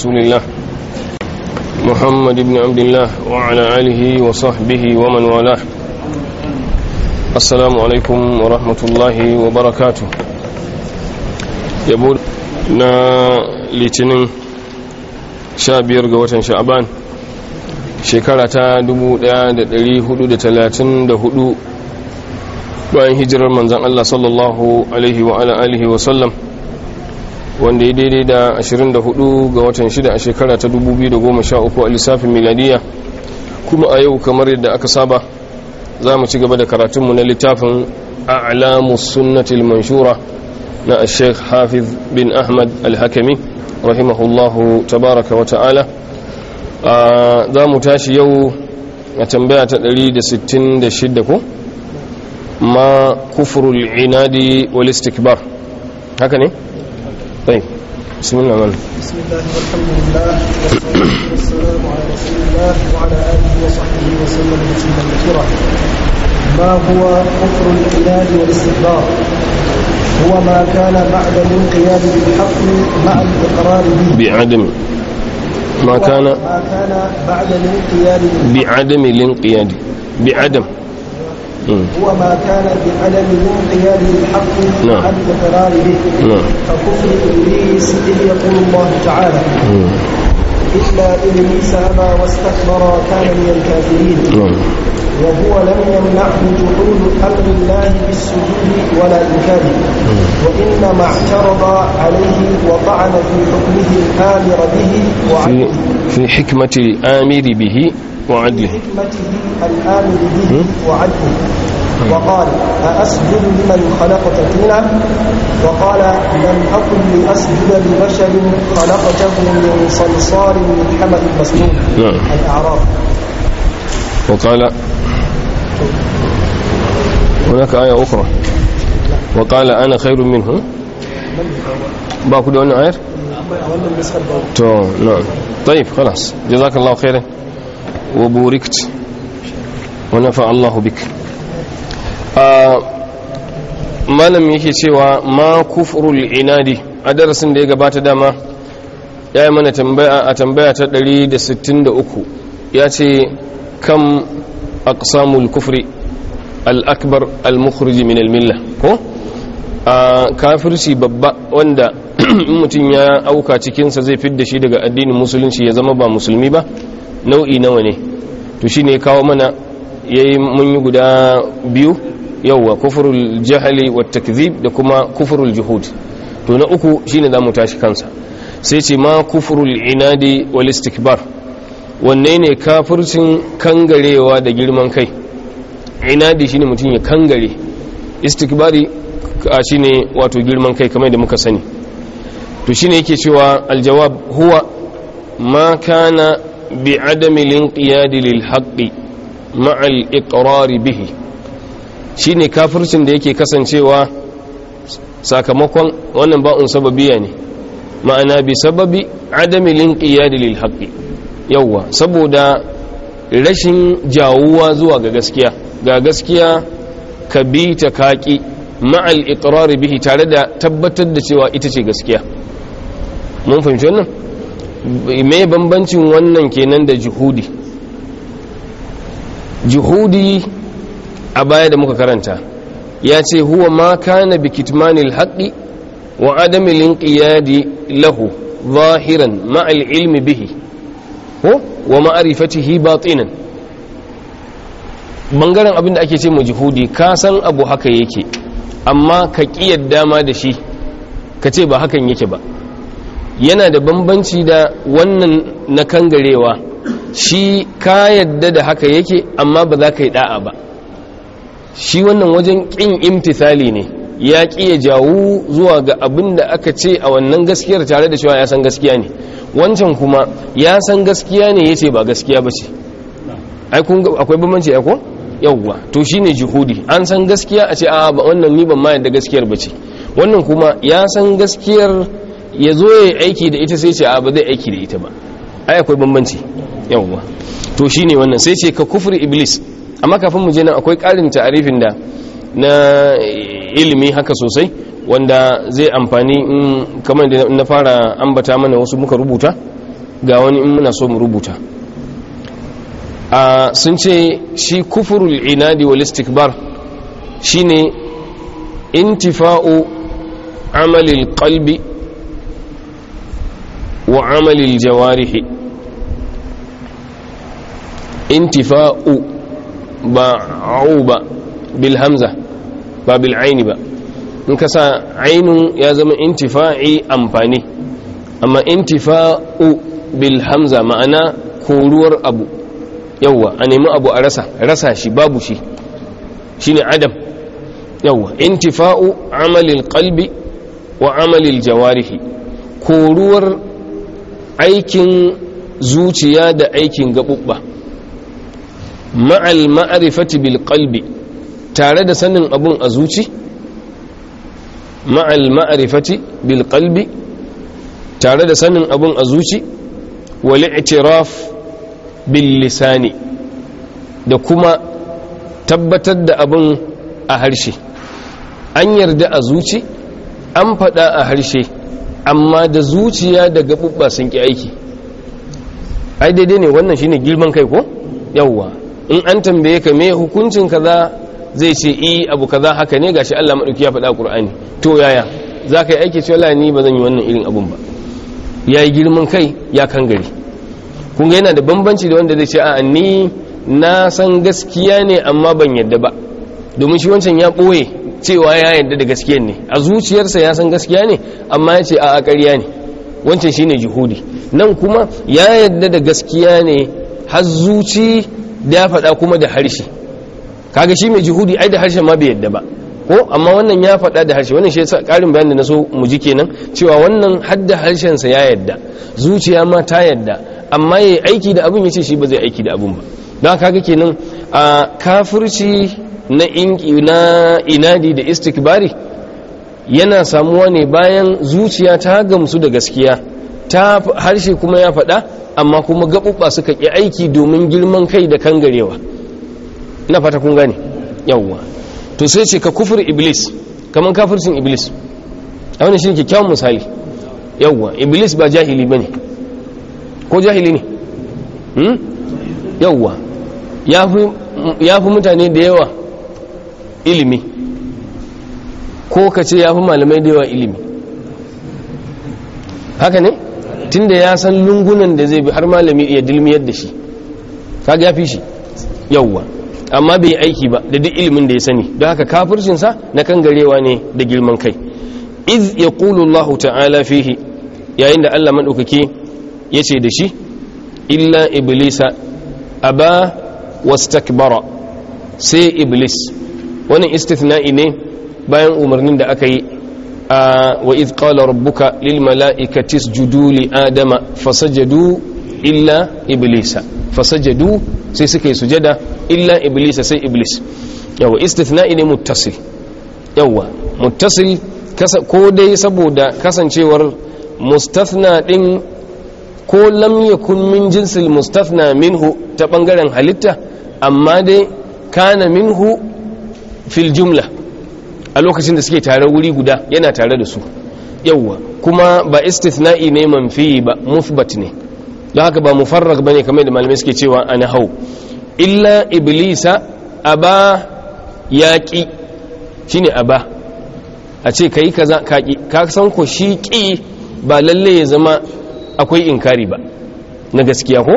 رسول الله محمد بن عبد الله وعلى آله وصحبه ومن والاه السلام عليكم ورحمة الله وبركاته يقول na litinin sha biyar ga watan sha'aban shekara ta 1434 bayan hijirar manzan Allah sallallahu alaihi wa alaihi wasallam wanda ya daidai da 24 ga watan 6 a shekara ta 2013 a lissafin miladiya kuma a yau kamar yadda aka saba za mu ci gaba da karatunmu na littafin a a'lamu sunnatul manshura na sheikh hafiz bin ahmad al-hakami rahimahullahu tabaraka wa ta'ala za mu tashi yau a tambaya ta 166 ko ma kufurul inadi wal istikbar haka ne طيب بسم الله الرحمن بسم الله والحمد لله والسلام على رسول الله وعلى اله وصحبه وسلم تسليما كثيرا ما هو كفر الاناد والاستكبار هو ما كان بعد الانقياد بالحق مع الاقرار به بعدم ما كان ما كان بعد الانقياد بعدم الانقياد بعدم هو ما كان بعدم موقيا للحق نعم. عن الاقرار به ككفر نعم. ابليس اذ يقول الله تعالى إلا إبليس أبى واستكبر كان من الكافرين نعم. وهو لم يمنعه جحود أمر الله بالسجود ولا إنكاره نعم. وإنما اعترض عليه وطعن في حكمه الآمر به وعدله في حكمة الآمر به وعدله في حكمته الآمر به نعم. وعدله وقال أأسجد لمن خلقت طينا وقال لم أكن لأسجد لبشر خلقته من صلصال من حمل مسنون نعم الأعراف وقال هناك آية أخرى وقال أنا خير منه باكو دون عير نعم طيب خلاص جزاك الله خيرا وبوركت ونفع الله بك malam yake cewa ma kufrul inadi a darasin da ya gabata dama ya yi mana tambaya a tambaya ta 163 ya ce kam aqsamul kufri al-akbar al-mukhrij min al-milla ko kafirci babba wanda mutum ya auka cikinsa zai fidda shi daga addinin musulunci ya zama ba musulmi ba nau'i nawa ne to shine kawo mana yayi mun yi guda biyu yawwa kufrul jahli wa takzib da kuma kufrul juhud to na uku shine zamu tashi kansa sai ce ma kufrul inadi wal istikbar wanne ne kafircin kangarewa da girman kai inadi shine mutum ya kangare istikbari shine wato girman kai kamar da muka sani to shine yake cewa aljawab huwa ma kana bi adami linqiyadi lil haqqi ma'al iqrari bihi shine kafircin da yake kasancewa sakamakon wannan ba'un sababiya ne ma'ana bi sababi adami linqiyadi lil haqqi yawa saboda rashin jawuwa zuwa ga gaskiya ga gaskiya ka bi ta kaki ma'al iqrari bihi tare da tabbatar da cewa ita ce gaskiya mun fahimci wannan me bambancin wannan kenan da juhudi juhudi a baya da muka karanta ya ce huwa ma kana bi kitmanil haqqi wa adami linqiyadi lahu zahiran ma'al ilmi bihi ko wa ma'rifatihi batinan bangaren abin da ake ce mu juhudi ka san abu haka yake amma ka kiyar dama da shi ka ce ba hakan yake ba yana da bambanci da wannan na kangarewa shi ka yadda da haka yake amma ba za ka yi da'a ba shi wannan wajen ƙin imtisali ne ya ƙi ya jawo zuwa ga abin da aka ce a wannan gaskiyar tare da cewa ya san gaskiya ne wancan kuma ya san gaskiya ne ya ce ba gaskiya ba ce akwai bambanci ya ko yauwa to shi ne jihudi an san gaskiya a ce a ba wannan ni ban ma yadda gaskiyar ba ce wannan kuma ya san gaskiyar ya zo ya aiki da ita sai ce a ba zai aiki da ita ba ai akwai bambanci yawwa to shine wannan sai ce ka kufri iblis amma kafin mu je nan akwai ƙarin ta'arifin da na ilimi haka sosai wanda zai amfani in kamar da na fara ambata mana wasu muka rubuta ga wani in muna so mu rubuta a sun ce shi kufrul inadi wal istikbar shine intifa'u amalil qalbi wa amalil jawarihi intifa'u ba'u ba bil hamza ba bil aini ba in ka sa ainun ya zama intifa'i amfani amma intifa'u bil hamza ma'ana koruwar abu yawwa a nemi abu a rasa rasa shi babu shi shine adam yawwa intifa'u amalil qalbi wa amalil jawarihi koruwar aikin zuciya da aikin gaɓuɓɓa ma'al ma'arifati bil qalbi tare da sanin abun a zuci ma'al ma'arifati bil qalbi tare da sanin abun a zuci wal i'tiraf bil lisani da kuma tabbatar da abun a harshe an yarda a zuci an faɗa a harshe amma da zuciya da gaɓuɓɓa sun ki aiki ai daidai ne wannan shine girman kai ko yawwa in an tambaye ka me hukuncin kaza zai ce i e, abu kaza haka ne ga shi Allah madauki ya faɗa Qur'ani to yaya zaka yi aiki cewa lani ba zan yi wannan irin abun ba yayi girman kai ya kan gari kun yana da bambanci da wanda zai ce a ni na san gaskiya ne amma ban yadda ba domin shi wancan ya ɓoye cewa ya yadda da gaskiya ne a zuciyarsa ya san gaskiya ne amma ya ce a ƙarya ne wancan shine jihudi nan kuma ya yadda da gaskiya ne har zuci da ya faɗa kuma da harshe kaga shi mai juhudi ai da harshen ma bai yadda ba ko amma wannan ya faɗa da harshe wannan shi yasa ƙarin bayanin na so mu ji kenan cewa wannan hadda harshen sa ya yadda zuciya ma ta yadda amma yayi aiki da abun yace shi ba zai aiki da abun ba don kaga kenan a kafirci na inadi da istikbari yana samuwa ne bayan zuciya ta gamsu da gaskiya ta harshe kuma ya faɗa amma kuma gaɓuɓɓa suka ƙi aiki domin girman kai da garewa na fata kun gane yawwa to sai ce ka kufur iblis kamar kafircin iblis a wani shi kyakkyawan misali yawwa iblis ba jahili ba ne ko jahili ne hmm? yawwa ya fi mutane da yawa ilimi ko ka ce ya fi malamai da yawa ilimi haka ne tunda ya san lungunan da zai bi har malami iya dilmiyar da shi kaga ya fi shi yawwa amma bai aiki ba da duk ilimin da ya sani don haka kafircinsa na kan garewa ne da girman kai iz ya Allah ta'ala fihi yayin da Allah maɗaukaki ya ce da shi illa iblisa aba wastakbara sai iblis wannan istithna'i ne bayan umarnin da aka yi wa idh qala rabbuka lil mala'ikati isjudu li adama fasajadu illa iblisa fasajadu sai suka yi sujada illa iblisa sai iblis yawa istithna'i ne muttasil yawa muttasil ko dai saboda kasancewar mustathna din ko lam yakun min jinsil mustathna minhu ta bangaren halitta amma dai kana minhu fil jumla a lokacin da suke tare wuri guda yana tare da su yauwa kuma ba istithna'i ne manfi ba musbat ne don haka ba mufarrag bane kamar da malamai suke cewa ana hau illa iblisa aba yaqi shine aba a ce kai kaza kaki ka san ko shi ki ba lalle ya zama akwai inkari ba na gaskiya ko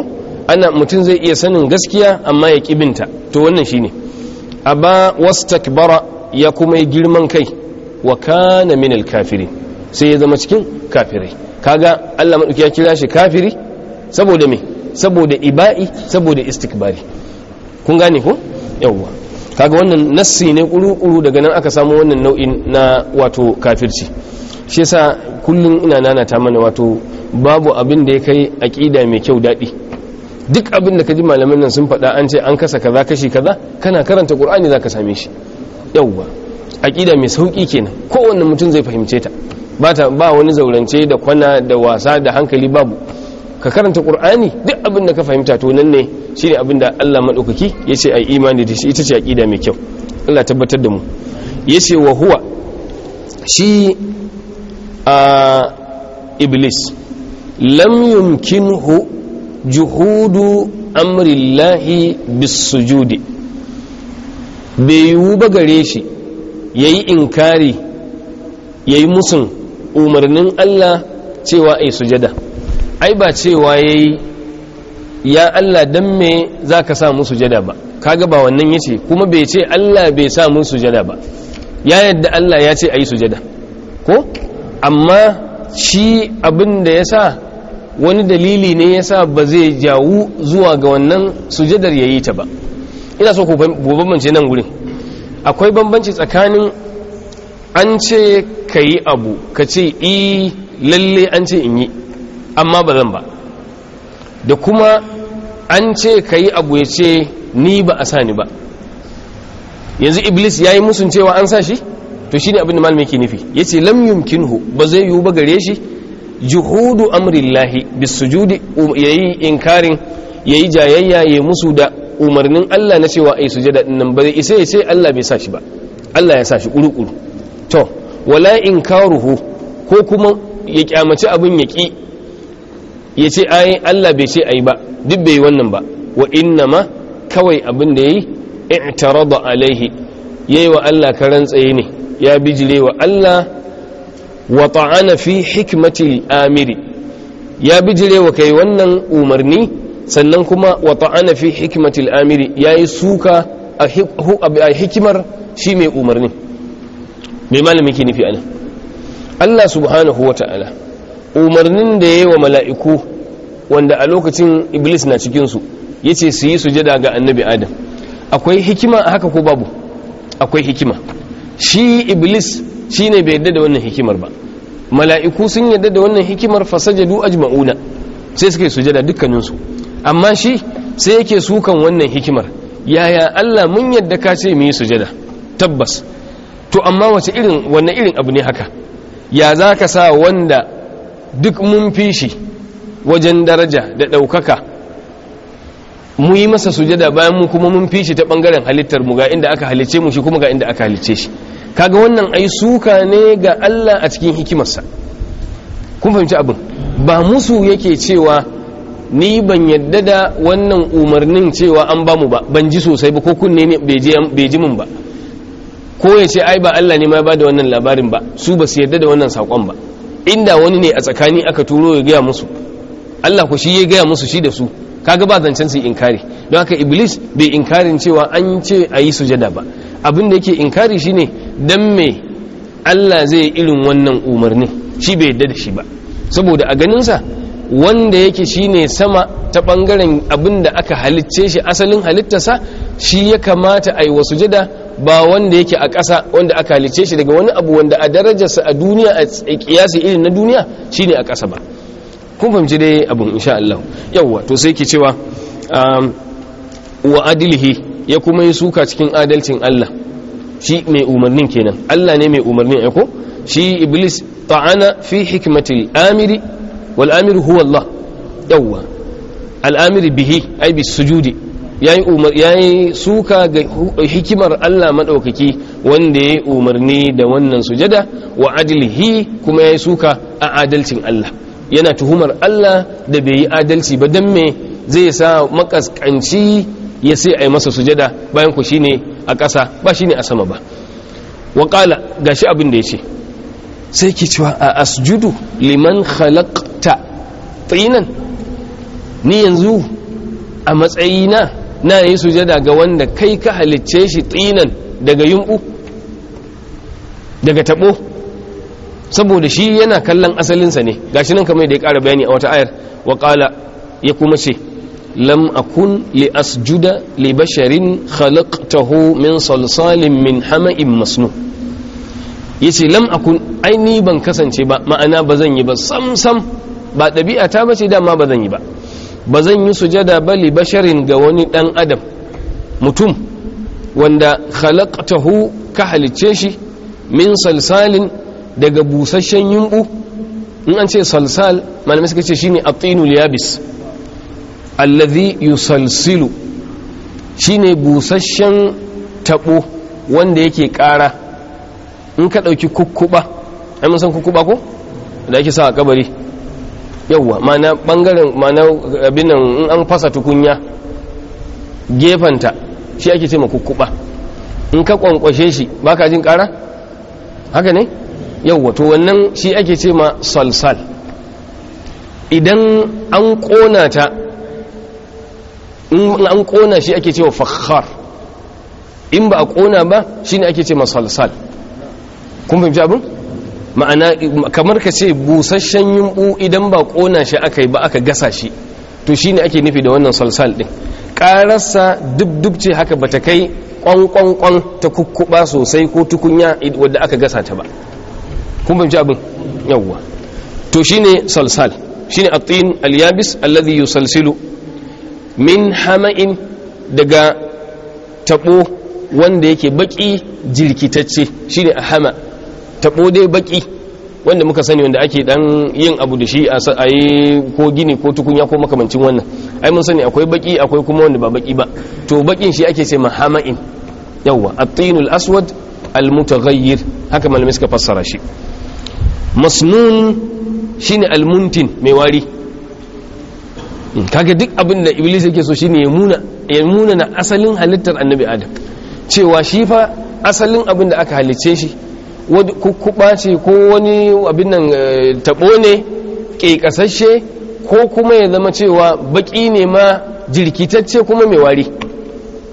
ana mutum zai iya sanin gaskiya amma ya kibinta to wannan shine aba wastakbara ya kuma yi girman kai wa kana minal kafiri sai ya zama cikin kafirai kaga Allah madauki ya kira shi kafiri saboda me saboda iba'i saboda istikbari kun gane ko yawwa kaga wannan nassi ne kuru-kuru daga nan aka samu wannan nau'in na wato kafirci shi yasa kullun ina nanata mana wato babu abin da ya kai aqida mai kyau dadi duk abin da ji malaman nan sun faɗa an ce an kasa kaza kashi kaza kana karanta qur'ani zaka same shi yauwa aqida mai sauƙi kenan kowanne mutum zai fahimce ta ba wani zaurance da kwana da wasa da hankali babu ka karanta ƙur'ani duk abin da ka fahimta to nan ne shi abin da allah maɗaukaki yace ai imani da shi ita ce aqida mai kyau allah tabbatar da mu yace wa huwa shi a iblis lam yumkinhu juhudu amrillahi bis sujudi bai yiwu ba gare shi ya yi inkari ya yi musun umarnin Allah cewa ai sujada ai ba cewa ya yi ya Allah don me za ka sa musu sujada ba kaga ba wannan ya ce kuma bai ce Allah bai sa musu sujada ba ya yadda Allah ya ce a yi sujada ko amma shi abin da ya sa wani dalili ne ya sa ba zai jawu zuwa ga wannan sujadar ya yi ta ba ina so ku bambance nan wurin akwai bambanci tsakanin an ce ka yi abu ka ce i e, lalle an ce in yi amma ba zan ba da kuma an ce ka yi abu ya ce ni ba a sa ni ba yanzu iblis ya yi musun cewa an sa shi to shi ne abin da malamai ke nufi ya ce lam hu ba zai yiwu ba gare shi juhudu amrillahi bis um, ya yayi inkarin yi jayayya yi musu da umarnin Allah na cewa ai sujada din nan bai isa ya ce Allah bai sa shi ba Allah ya sa shi kurukuru to wala in karuhu ko kuma ya kyamaci abin ya ki ya ce ai Allah bai ce ai ba duk bai wannan ba wa inna ma kawai abin da yayi i'tarada alaihi yayi wa Allah karan tsaye ne ya bijire wa Allah wa ta'ana fi hikmatil amiri ya bijire wa kai wannan umarni sannan kuma wata ana fi hikmatil amiri yi suka a hikimar shi mai umarni mai malami ke nufi ana Allah subhanahu Ta'ala umarnin da ya yi wa mala'iku wanda a lokacin iblis na cikinsu ya ce su yi sujada ga annabi adam akwai hikima a haka ko babu akwai hikima shi iblis shi ne bai yadda da wannan hikimar ba mala'iku sun yadda da wannan hikimar fasajadu ajma'una sai suka yi sujada dukkaninsu amma shi sai yake sukan wannan hikimar yaya Allah mun yadda ka ce mu yi sujada tabbas to amma wace irin wanne irin abu ne haka ya za ka sa wanda duk mun fi shi wajen daraja da ɗaukaka mu yi masa sujada bayan mu kuma mun fi shi ta ɓangaren halittar mu ga inda aka halice mu shi kuma ga inda aka halice shi kaga wannan ai suka ne ga Allah a cikin hikimarsa kun fahimci abin ba musu yake cewa ni ban yadda da wannan umarnin cewa an ba mu ba ban ji sosai ba ko kunne ne bai ji mun ba ko ya ce ai ba Allah ne ma ba da wannan labarin ba su ba su yadda da wannan sakon ba inda wani ne a tsakani aka turo ya gaya musu Allah ku shi ya gaya musu shi da su kaga ba zancen su inkari don haka iblis bai inkarin cewa an ce a yi sujada ba abin da yake inkari shine dan me Allah zai irin wannan umarnin shi bai yadda da shi ba saboda a ganinsa wanda yake shine sama ta bangaren abin da aka halicce shi asalin halittarsa shi ya kamata a yi wa sujada ba wanda yake a ƙasa wanda aka halicce shi daga wani abu wanda a darajarsa a duniya a kiyasi irin na duniya shine a ƙasa ba kun fahimci dai abin insha Allah yawwa to sai ke cewa um, wa adilihi ya kuma yi suka cikin adalcin Allah shi mai umarnin kenan Allah ne mai umarnin ya ko shi iblis ta'ana fi hikmatil amiri wal'amir هو الله yawwa به bihi ai bis sujudi yayi حكمر suka ga hikimar Allah madaukaki wanda yayi umarni da wannan sujada wa kuma yayi suka a adalcin Allah yana tuhumar Allah da bai yi adalci ba dan me zai sa makaskanci ya sai ai masa sujada bayan ku shine a ƙasa ba shine a sama ba wa qala gashi abin da yace sai ki cewa a asjudu liman khalaq tsinan ni yanzu a matsayina na yi sujada ga wanda kai ka halicce shi tsinan daga yunɓu daga taɓo? saboda shi yana kallon asalinsa ne gashi nan kamar da ya ƙara bayani a wata ayar wa ya kuma ce lam akun li asjuda li basharin khalaqtahu min salsalin min hama'in masnu yace lam akun ai ni ban kasance ba ma'ana ba zan yi ba sam sam ba ɗabi'a ta bace dama ba zan yi ba ba zan yi sujada ba li basharin ga wani ɗan adam mutum wanda khalaqtahu ka halicce shi min salsalin daga busasshen yumbu in an ce salsal malamai suka ce shine atinul yabis allazi yusalsilu shine busasshen taɓo wanda yake ƙara in ka ɗauki kukkuba ai mun san kukkuba ko da ake sa a kabari yauwa mana bangaren mana eh, abin nan in an fasa tukunya gefanta shi ake ce kukkuba in ka kwankwashe shi baka jin kara haka ne yauwa to wannan shi ake ce ma salsal idan an kona ta in an kona shi ake ce wa fakhar in ba a kona ba shine ake ce ma salsal kun fahimci abin ma'ana kamar ka ce busasshen yumbu idan ba ƙona shi aka yi ba aka gasa shi to shi ne ake nufi da wannan salsal din ƙararsa dubdub ce haka ba ta kai ƙwanƙwanƙwan ta kukkuba sosai ko tukunya wadda aka gasa ta ba kun fahimci abin yawwa to shi ne salsal shi shine atin alyabis alladhi yusalsilu min hama'in daga tabo wanda yake baki jirkitacce a hama' tabo dai baki wanda muka sani wanda ake dan yin abu da shi a yi ko gini ko tukunya ko makamancin wannan ai mun sani akwai baki akwai kuma wanda ba baki ba to bakin shi ake sai mahama'in yawwa at-tinul aswad al-mutaghayyir haka malamai suka fassara shi masnun shine al-muntin mai wari hmm, kaga duk abin da iblis yake so shine ya muna ya muna na asalin halittar annabi adam cewa shi fa asalin abin da aka halice shi kuɓa ce ko wani abin nan eh, taɓo ne ƙeƙasashe ko kuma ya zama cewa baƙi ne ma jirkitacce kuma mai wari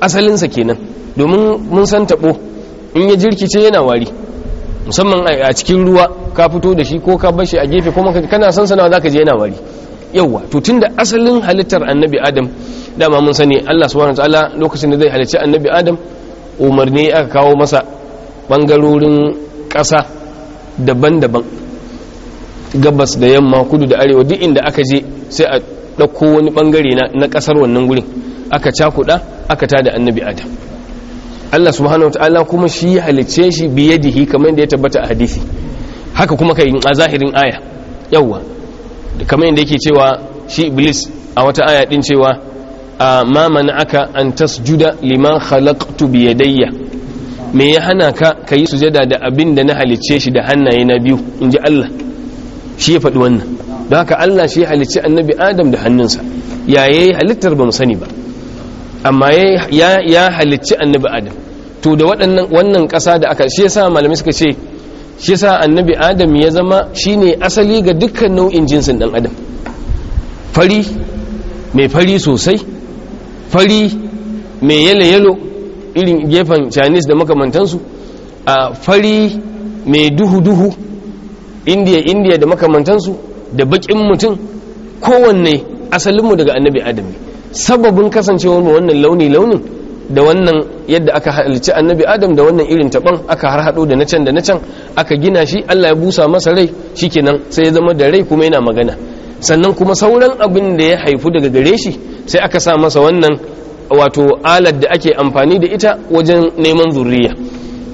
asalinsa kenan domin mun san taɓo in ya jirkice yana wari musamman a cikin ruwa ka fito da shi ko ka bashi a gefe kuma kana san sanawa za ka je yana wari yauwa to da asalin halittar annabi adam dama mun sani Allah subhanahu wataala lokacin da zai halicci annabi adam umarni aka kawo masa bangarorin ƙasa daban-daban gabas da yamma kudu da arewa duk inda aka je sai a ɗauko wani ɓangare na ƙasar wannan wurin, aka cakuɗa aka ta da annabi adam Allah subhanahu wa ta'ala kuma shi ya halicce shi biyadihi kamar yadda ya tabbata a hadisi haka kuma kai a zahirin aya yawwa. kamar yadda yake cewa shi iblis a wata aya din cewa a mamani aka an tasjuda liman khalaqtu biyadayya me ya hana ka ka yi sujada da abin da na halicce shi da hannaye na biyu in ji Allah shi ya faɗi wannan don haka Allah shi ya halicci annabi Adam da hannunsa ya yi halittar ba mu sani ba amma ya halicci annabi Adam to da waɗannan wannan ƙasa da aka shi yasa malamai suka ce shi yasa annabi Adam ya zama shine asali ga dukkan nau'in jinsin ɗan Adam fari mai fari sosai fari mai yalo yalo irin gefen chinese da makamantansu a fari mai duhu-duhu indiya-indiya da makamantansu da bakin mutum kowanne asalinmu daga annabi adami sababin kasancewar wannan launi-launin da wannan yadda aka halci annabi adam da wannan irin taban aka har hado da na can da na can aka gina shi allah ya busa masa rai shi shikenan sai ya zama da rai kuma yana magana sannan kuma sauran abin da ya haifu daga gare shi sai aka sa masa wannan wato alat da ake amfani da ita wajen neman zuriya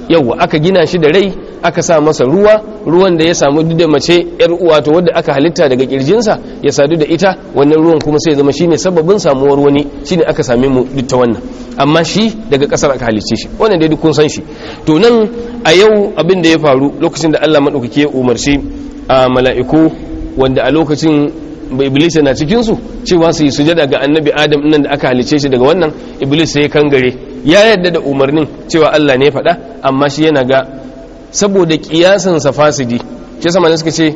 yauwa aka gina shi da rai aka sa masa ruwa ruwan da ya samu duk da mace yar wato wadda aka halitta daga kirjinsa ya sadu da ita wannan ruwan kuma sai zama shine sababin samuwar wani shine aka same mu duk ta wannan amma shi daga kasar aka halicce shi wannan dai duk kun san shi to nan a yau abin da ya faru lokacin da Allah madaukake ya umarci a mala'iku wanda a lokacin iblis yana cikin su cewa su yi sujada ga annabi adam nan da aka halice shi daga wannan iblis sai gare ya yadda da umarnin cewa Allah ne faɗa amma shi yana ga saboda kiyasan sa fasidi shi sama ne suka ce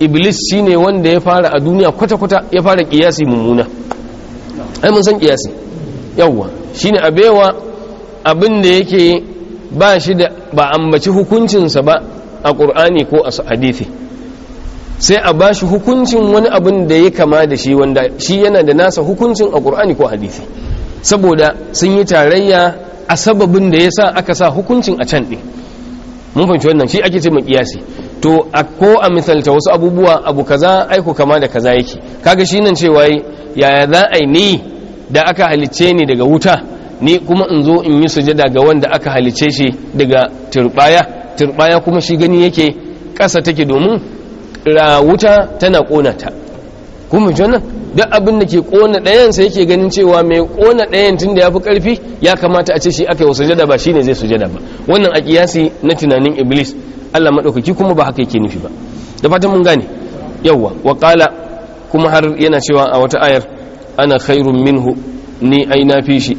iblis shine wanda ya fara a duniya kwata-kwata ya fara kiyasi mummuna ai mun san kiyasi yawwa shine abewa abin da yake ba shi da ba ambaci hukuncin sa ba a ƙur'ani ko a hadisi sai a bashi hukuncin wani abin da ya kama da shi wanda shi yana da nasa hukuncin a ƙur'ani ko hadisi saboda sun yi tarayya a sababin da ya sa aka sa hukuncin a can ɗin mun fahimci wannan shi ake ce mai to a ko a misalta wasu abubuwa abu kaza aiko kama da kaza yake kaga shi nan cewa yaya za a yi ni da aka halicce ni daga wuta ni kuma in zo in yi sujada ga wanda aka halicce shi daga turbaya turbaya kuma shi gani yake ƙasa take domin wuta tana kona ta kuma jonan duk abin da ke kona ɗayan sai ke ganin cewa mai kona ɗayan tun da ya fi ƙarfi ya kamata a ce shi aka yi wasu jada ba shi ne zai sujada ba wannan a kiyasi na tunanin iblis allah maɗaukaki kuma ba haka yake nufi ba da fatan mun gane yawwa waƙala kuma har yana cewa a wata ayar ana khairun minhu ni ai na fi shi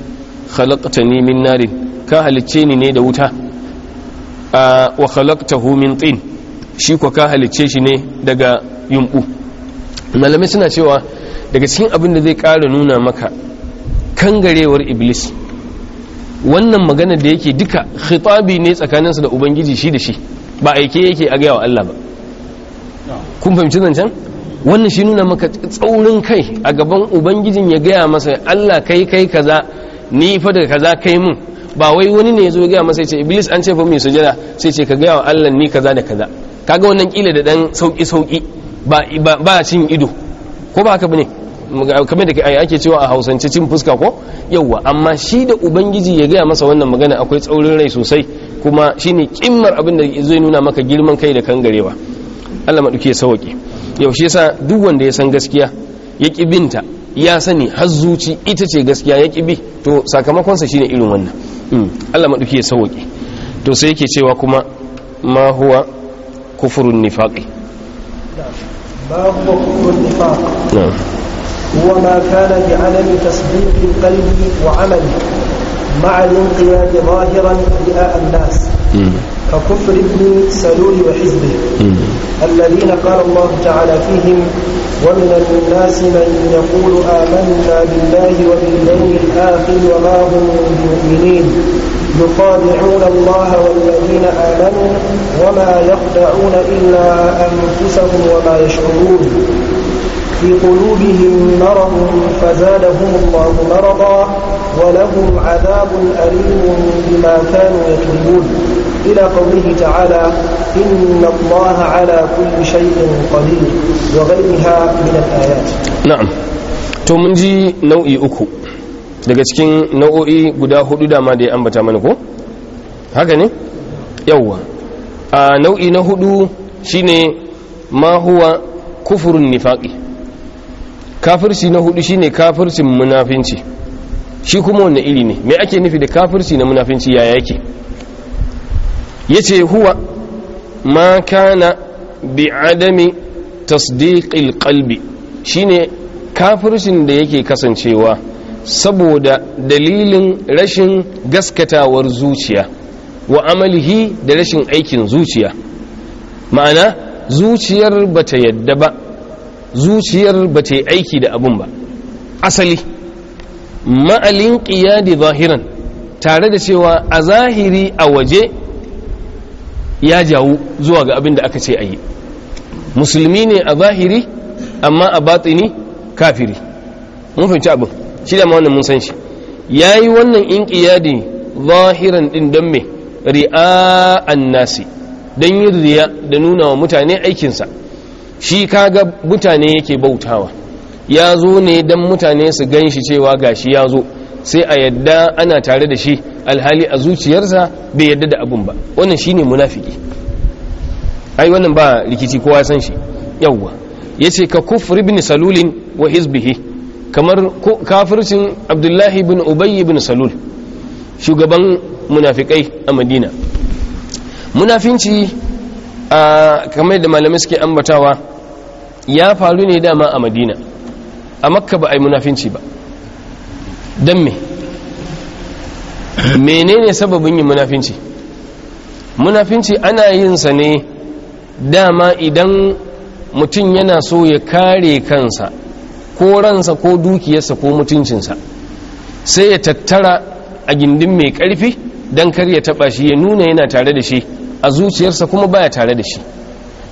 khalaqta ni min narin ka halicce ni ne da wuta wa khalaqtahu min tin shi kwa ka halicce shi ne daga yumbu malamai suna cewa daga cikin abin da zai ƙara nuna maka kangarewar iblis wannan magana da yake duka khitabi ne tsakaninsa da ubangiji shi da shi ba aike yake a gaya wa Allah ba kun fahimci zancen wannan shi nuna maka tsaurin kai a gaban ubangijin ya gaya masa Allah kai kai kaza ni fa da kaza kai mun ba wai wani ne ya zo gaya masa ya ce iblis an ce fa mai sujada sai ce ka gaya wa Allah ni kaza da kaza kaga wannan kila da dan sauki sauki ba ba cin ido ko ba haka bane kamar da ake cewa a hausance cin fuska ko yawwa amma shi da ubangiji ya gaya masa wannan magana akwai tsaurin rai sosai kuma shine kimmar abin da zai nuna maka girman kai da kangarewa Allah maduke sauki yau shi yasa duk wanda ya san gaskiya ya kibinta ya sani har zuci ita ce gaskiya ya kibi bi to sakamakonsa shine irin wannan hmm, Allah maduke sauki to sai yake cewa kuma ma huwa كفر النفاق ما هو كفر النفاق نعم هو ما كان بعدم تصديق القلب وعمله مع الانقياد ظاهرا رئاء الناس م. ككفر ابن سلول وحزبه الذين قال الله تعالى فيهم ومن الناس من يقول آمنا بالله وباليوم الآخر وما هم بمؤمنين يخادعون الله والذين آمنوا وما يخدعون إلا أنفسهم وما يشعرون في قلوبهم مرض فزادهم الله مرضا ولهم عذاب أليم بما كانوا يكذبون إلى قوله تعالى إن الله على كل شيء قدير وغيرها من الآيات نعم تومنجي نوعي أكو daga cikin nau'o'i guda hudu dama da ya ambata mana ko haka ne yawwa a nau'i na hudu shine ma huwa kufurun nifaqi kafirci na hudu shine kafircin munafinci shi kuma wanne iri ne me ake nufi da kafirci na munafinci yaya yake yace huwa ma kana bi adami tasdiqil qalbi shine kafircin da yake kasancewa saboda dalilin rashin gaskatawar zuciya wa amalihi da rashin aikin zuciya ma'ana zuciyar ba ta yadda ba zuciyar bata yi aiki da abun ba asali ma'alin ƙiyadi zahiran tare da cewa a zahiri a waje ya jawo zuwa ga abin da aka ce a yi musulmi ne a zahiri amma a batsini kafiri mun fahimci abin shi da wannan mun san shi ya yi wannan inqiyadi zahiran ɗin don me ri'a nasi don yin riya da nuna wa mutane aikinsa shi kaga mutane yake bautawa ya zo ne don mutane su gan shi cewa gashi ya zo sai a yadda ana tare da shi alhali a zuciyarsa bai yadda da abun ba wannan shi ne munafiki ai wannan ba rikici kowa san shi yawwa ce ka kufr salulin wa hizbihi kamar kafircin abdullahi bin ubayy bin salul shugaban munafikai a madina munafinci a kamar da malamai suke ambatawa ya faru ne dama a madina a makka ba a yi munafinci ba don me menene sababin yin munafinci munafinci ana yin sa ne dama idan mutum yana so ya kare kansa ko ransa ko dukiyarsa ko mutuncinsa sai ya tattara a gindin mai karfi don kar ya taba shi ya nuna yana tare da shi a zuciyarsa kuma baya tare da shi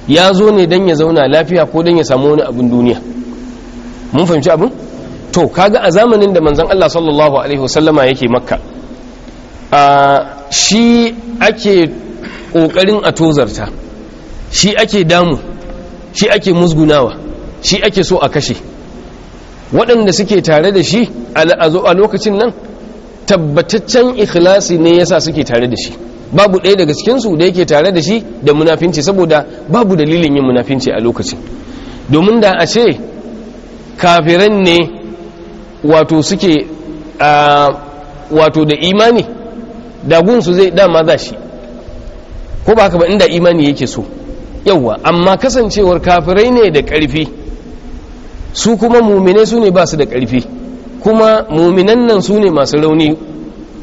ya zo ne don ya zauna lafiya ko don ya samu wani abin duniya mun fahimci abin to kaga a zamanin da manzan Allah sallallahu alaihi wasallama yake makka a shi ake kokarin a tozarta shi ake damu shi ake musgunawa shi ake so a kashe waɗanda suke tare da shi a lokacin nan tabbataccen ikhlasi ne yasa suke tare da shi babu ɗaya daga cikinsu da yake tare da shi da munafinci saboda babu dalilin yin munafinci a lokacin domin da a ce kafiran ne wato suke wato da imani dagunsu zai dama za shi ko ba ka ba inda imani yake so yauwa amma kasancewar kafirai ne da ƙarfi su kuma mumine su ne ba su da ƙarfi kuma muminan nan su ne masu rauni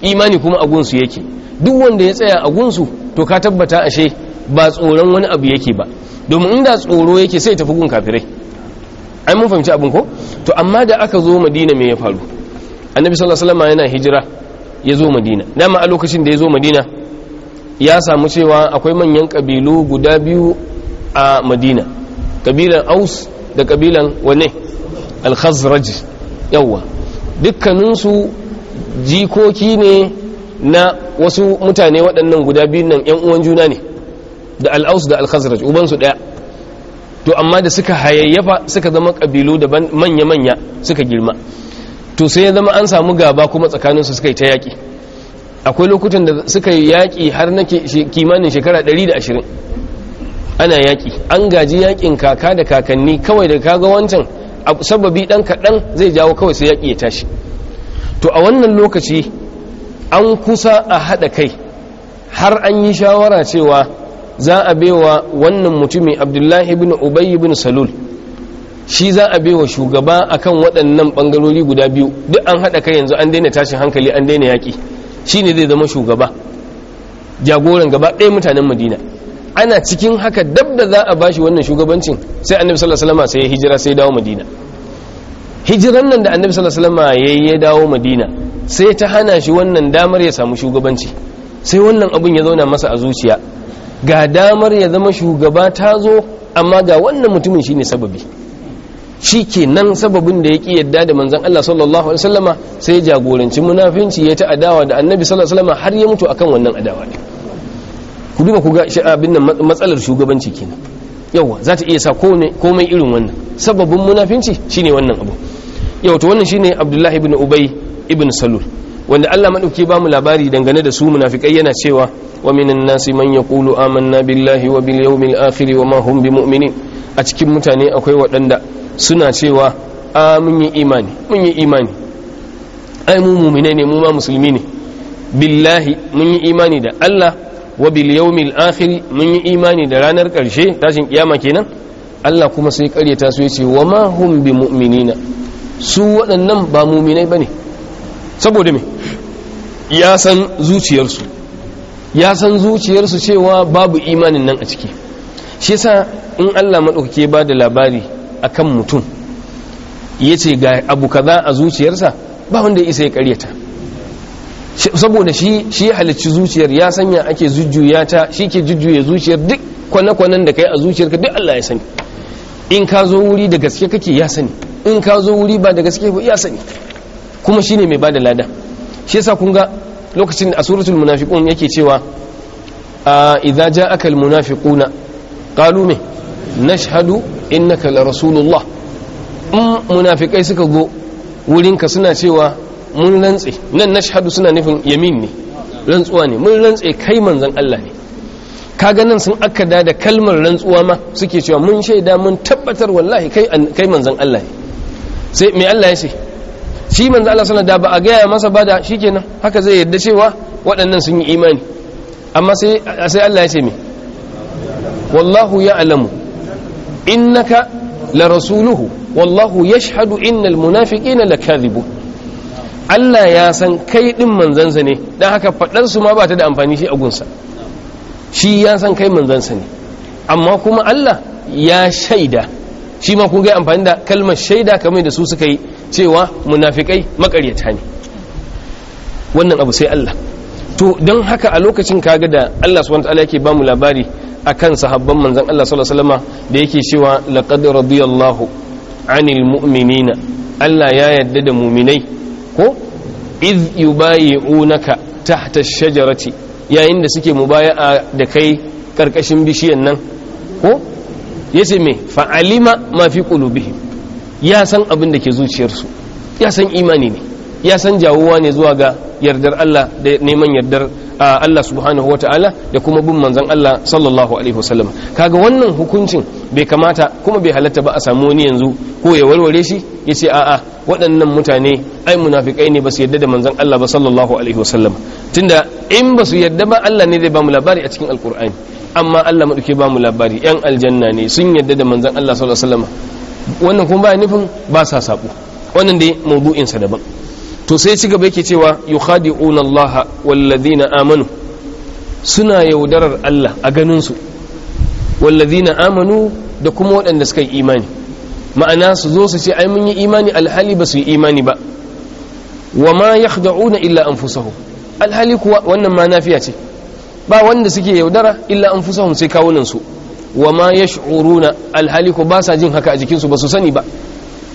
imani kuma a gunsu yake duk wanda ya tsaya a gunsu to ka tabbata ashe ba tsoron wani abu yake ba domin inda tsoro yake sai tafi gun kafirai ai mun fahimci abin ko to amma da aka zo madina me ya faru annabi sallallahu alaihi wasallam yana hijira ya zo madina dama a lokacin da ya zo madina ya samu cewa akwai manyan kabilu guda biyu a madina kabilan aus da kabilan wane al-khazraj yawa dukkaninsu jikoki ne na wasu mutane waɗannan guda biyun nan yan uwan juna ne da al da al-khazraj ubansu ɗaya to amma da suka hayayyafa suka zama ƙabilu da manya-manya suka girma to sai ya zama an samu gaba kuma tsakaninsu suka yi ta yaƙi akwai lokutan da suka yi yaƙi har na kimanin shekara 120 ana yaƙi an gaji yaƙin kaka da kakanni kawai da kaga wancan sababi dan kaɗan zai jawo kawai sai yaƙi ya tashi to a wannan lokaci an kusa a haɗa kai har an yi shawara cewa za a bewa wannan mutumi abdullahi ibn ubay ibn salul shi za a bewa shugaba akan waɗannan ɓangarori guda biyu duk an haɗa kai yanzu an daina tashin hankali an daina yaƙi shine zai zama shugaba jagoran gaba ɗaya mutanen madina ana cikin haka dab da za a bashi wannan shugabancin sai annabi sallallahu alaihi wasallam sai ya hijira sai ya dawo madina hijiran nan da annabi sallallahu alaihi wasallam ya dawo madina sai ta hana shi wannan damar ya samu shugabanci sai wannan abun ya zauna masa a zuciya ga damar ya zama shugaba ta zo amma ga wannan mutumin shine sababi shi ke nan sababin da ya ƙi yadda da manzan Allah sallallahu alaihi wasallama sai jagoranci munafinci ya ta adawa da annabi sallallahu alaihi wasallama har ya mutu akan wannan adawa ku duba ku ga abin nan matsalar shugabanci kenan yawa za ta iya sa komai irin wannan sababin munafinci shine wannan abu yawa to wannan shine abdullahi ibn ubay ibn salul wanda Allah madauki ba mu labari dangane da su munafikai yana cewa wa minan nasi man yaqulu amanna billahi wa bil yawmil akhir wa ma hum bimu'minin a cikin mutane akwai waɗanda suna cewa a mun yi imani mun yi imani ai mu mu'mine ne mu ma musulmi ne billahi mun yi imani da Allah wa bil yawmil akhir mun yi imani da ranar karshe tashin kiyama kenan Allah kuma sai karyata su yace wa ma hum bi mu'minina su waɗannan ba mu'minai bane saboda me ya san zuciyarsu ya san zuciyarsu cewa babu imanin nan a ciki shi yasa in Allah madaukake ba da labari akan mutum yace ga abu kaza a zuciyarsa ba wanda ya isa ya karyata saboda shi shi halicci zuciyar ya sanya ake jujjuya ta shi ke jujjuya zuciyar duk kwane-kwanen da kai a zuciyar ka duk Allah ya sani in ka zo wuri da gaske kake ya sani in ka zo wuri ba da gaske ba ya sani kuma shi ne mai bada lada shi yasa kun ga lokacin da suratul munafiqun yake cewa idza ja'aka al munafiquna qalu me nashhadu innaka la rasulullah in munafikai suka go wurinka suna cewa mun rantse nan na shahadu suna nufin yamin ne rantsuwa ne mun rantse kai manzan Allah ne kaga nan sun akkada da kalmar rantsuwa ma suke cewa mun shaida mun tabbatar wallahi kai kai manzon Allah ne sai me Allah ya ce shi manzan Allah sallallahu da ba a gaya masa ba da shikenan haka zai yarda cewa waɗannan sun yi imani amma sai Allah ya ce me wallahu ya'lamu innaka la rasuluhu wallahu yashhadu innal munafiqina lakadhibun Allah ya san kai ɗin manzansa ne don haka faɗar ma ba ta da amfani shi a gunsa shi ya san kai manzansa ne amma kuma Allah ya shaida shi ma kun gai amfani da kalmar shaida kamar da su suka yi cewa munafikai makaryata ne wannan abu sai Allah to don haka a lokacin kaga da Allah subhanahu wataala yake bamu labari a kan sahabban manzan Allah sallallahu da yake cewa laqad radiyallahu anil mu'minina Allah ya yarda da mu'minai ko iz yubayi'unaka tahta ash-shajarati yayin da suke mubaya'a da kai karkashin bishiyan nan ko yace me fa'alima ma fi qulubihim ya san abin da ke zuciyarsu ya san imani ne ya san jawuwa ne zuwa ga yardar Allah da neman yardar Allah subhanahu ta'ala da kuma bin manzan Allah sallallahu alaihi wasallam kaga wannan hukuncin bai kamata kuma bai halatta ba a samu wani yanzu ko ya warware shi ya ce a'a waɗannan mutane ai munafikai ne ba su yarda da manzon Allah ba sallallahu alaihi wasallam tunda in ba su yarda ba Allah ne zai ba mu labari a cikin alkur'ani amma Allah maɗauke ba mu labari yan aljanna ne sun yarda da manzon Allah sallallahu alaihi wasallam wannan kuma ba nufin ba sa sabo wannan dai sa daban to sai ci gaba yake cewa yukhadi'una Allah wallazina amanu suna yaudarar Allah a ganin su wallazina amanu da kuma waɗanda suka yi imani ma'ana su zo su ce ai mun yi imani alhali ba su yi imani ba wa ma yakhda'una illa anfusahum alhali kuwa wannan ma nafiya ce ba wanda suke yaudara illa anfusahum sai kawunan su wa ma yash'uruna alhali ku ba sa jin haka a jikinsu ba su sani ba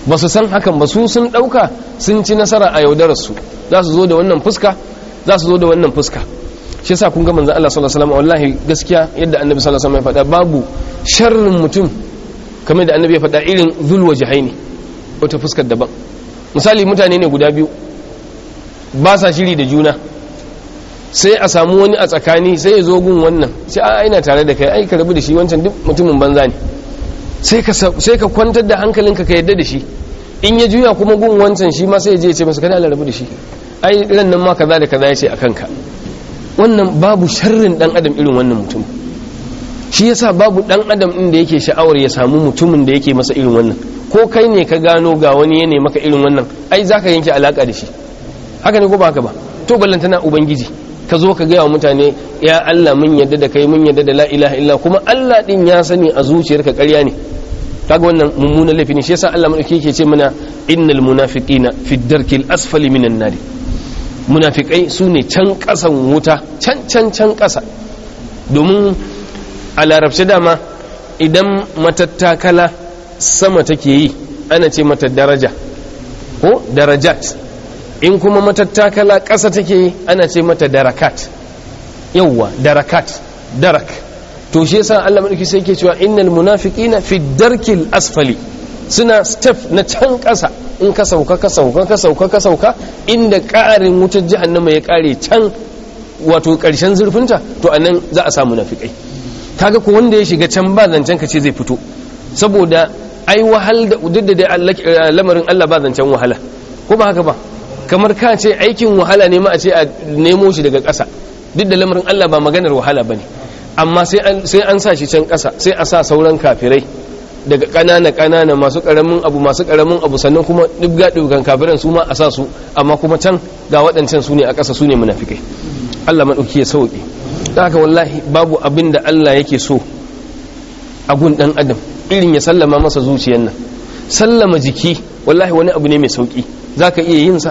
ba su san hakan ba su sun ɗauka sun ci nasara a yaudararsu za su zo da wannan fuska za su zo da wannan fuska shi sa kun ga manzon Allah sallallahu alaihi wallahi gaskiya yadda annabi sallallahu alaihi wasallam ya faɗa babu sharrin mutum kamar da annabi ya faɗa irin zulwa jahaini wata fuskar daban misali mutane ne guda biyu ba sa shiri da juna sai a samu wani a tsakani sai ya zo gun wannan sai a aina tare da kai ai ka rabu da shi wancan duk mutumin banza ne sai ka kwantar da hankalinka ka yadda da shi in ya juya kuma gun wancan shi ma sai ya ce masa kada Allah rabu da shi ai ran nan ma kaza da kaza ya ce a kanka wannan babu sharrin dan adam irin wannan mutum shi yasa babu dan adam din da yake sha'awar ya samu mutumin da yake masa irin wannan ko kai ne ka gano ga wani ya maka irin wannan ai zaka yanke alaka da shi haka ne ko ba haka ba to ballantana ubangiji ka zo ka gaya wa mutane ya Allah mun yadda da kai mun yadda da la ilaha illa kuma Allah din ya sani a zuciyarka ƙarya ne kaga wannan mummunan laifi ne shi yasa Allah mun yake ce mana innal munafiqina fi darkil asfali minan nari munafikai su ne can kasan wuta can can can kasa domin a larabce dama idan matattakala sama take yi ana ce mata daraja ko darajat in kuma matattakala ƙasa take ana ce mata darakat yawwa darakat darak to shi yasa Allah mulki sai yake cewa innal munafiqina fi darkil asfali suna step na can ƙasa in ka sauka ka sauka ka sauka ka sauka inda ƙarin wutar jahannama ya ƙare can wato ƙarshen zurfinta to anan za a samu nafiƙai kaga ko wanda ya shiga can ba zancen ka ce zai fito saboda ai wahal da duk da eh, lamarin Allah ba zancen wahala ko ba haka ba kamar ka ce aikin wahala ne ma a ce a nemo shi daga kasa duk da lamarin Allah ba maganar wahala bane amma sai an sa shi can kasa sai a sa sauran kafirai daga ƙanana ƙanana masu ƙaramin abu masu ƙaramin abu sannan kuma dubga dubgan kafiran su ma a sa su amma kuma can ga waɗancan su ne a ƙasa su ne munafikai Allah maɗauki ya sauƙi da haka wallahi babu abin da Allah yake so a gun ɗan adam irin ya sallama masa zuciyar nan sallama jiki wallahi wani abu ne mai sauki za ka iya yin sa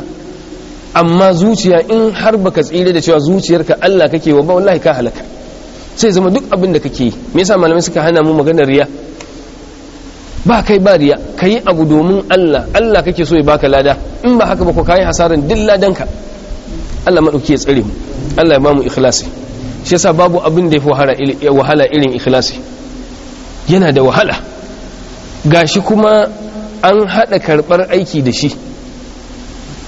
amma zuciya in har baka tsire da cewa zuciyarka Allah kake wa ba wallahi ka halaka sai zama duk abin da kake me yasa malamai suka hana mu maganar riya ba kai ba riya kai abu domin Allah Allah kake so ya baka lada in ba haka ba ko kai hasaran duk ladanka Allah madauki ya tsare mu Allah ya ba mu ikhlasi shi yasa babu abin da yafi wahala irin ikhlasi yana da wahala gashi kuma an hada karbar aiki da shi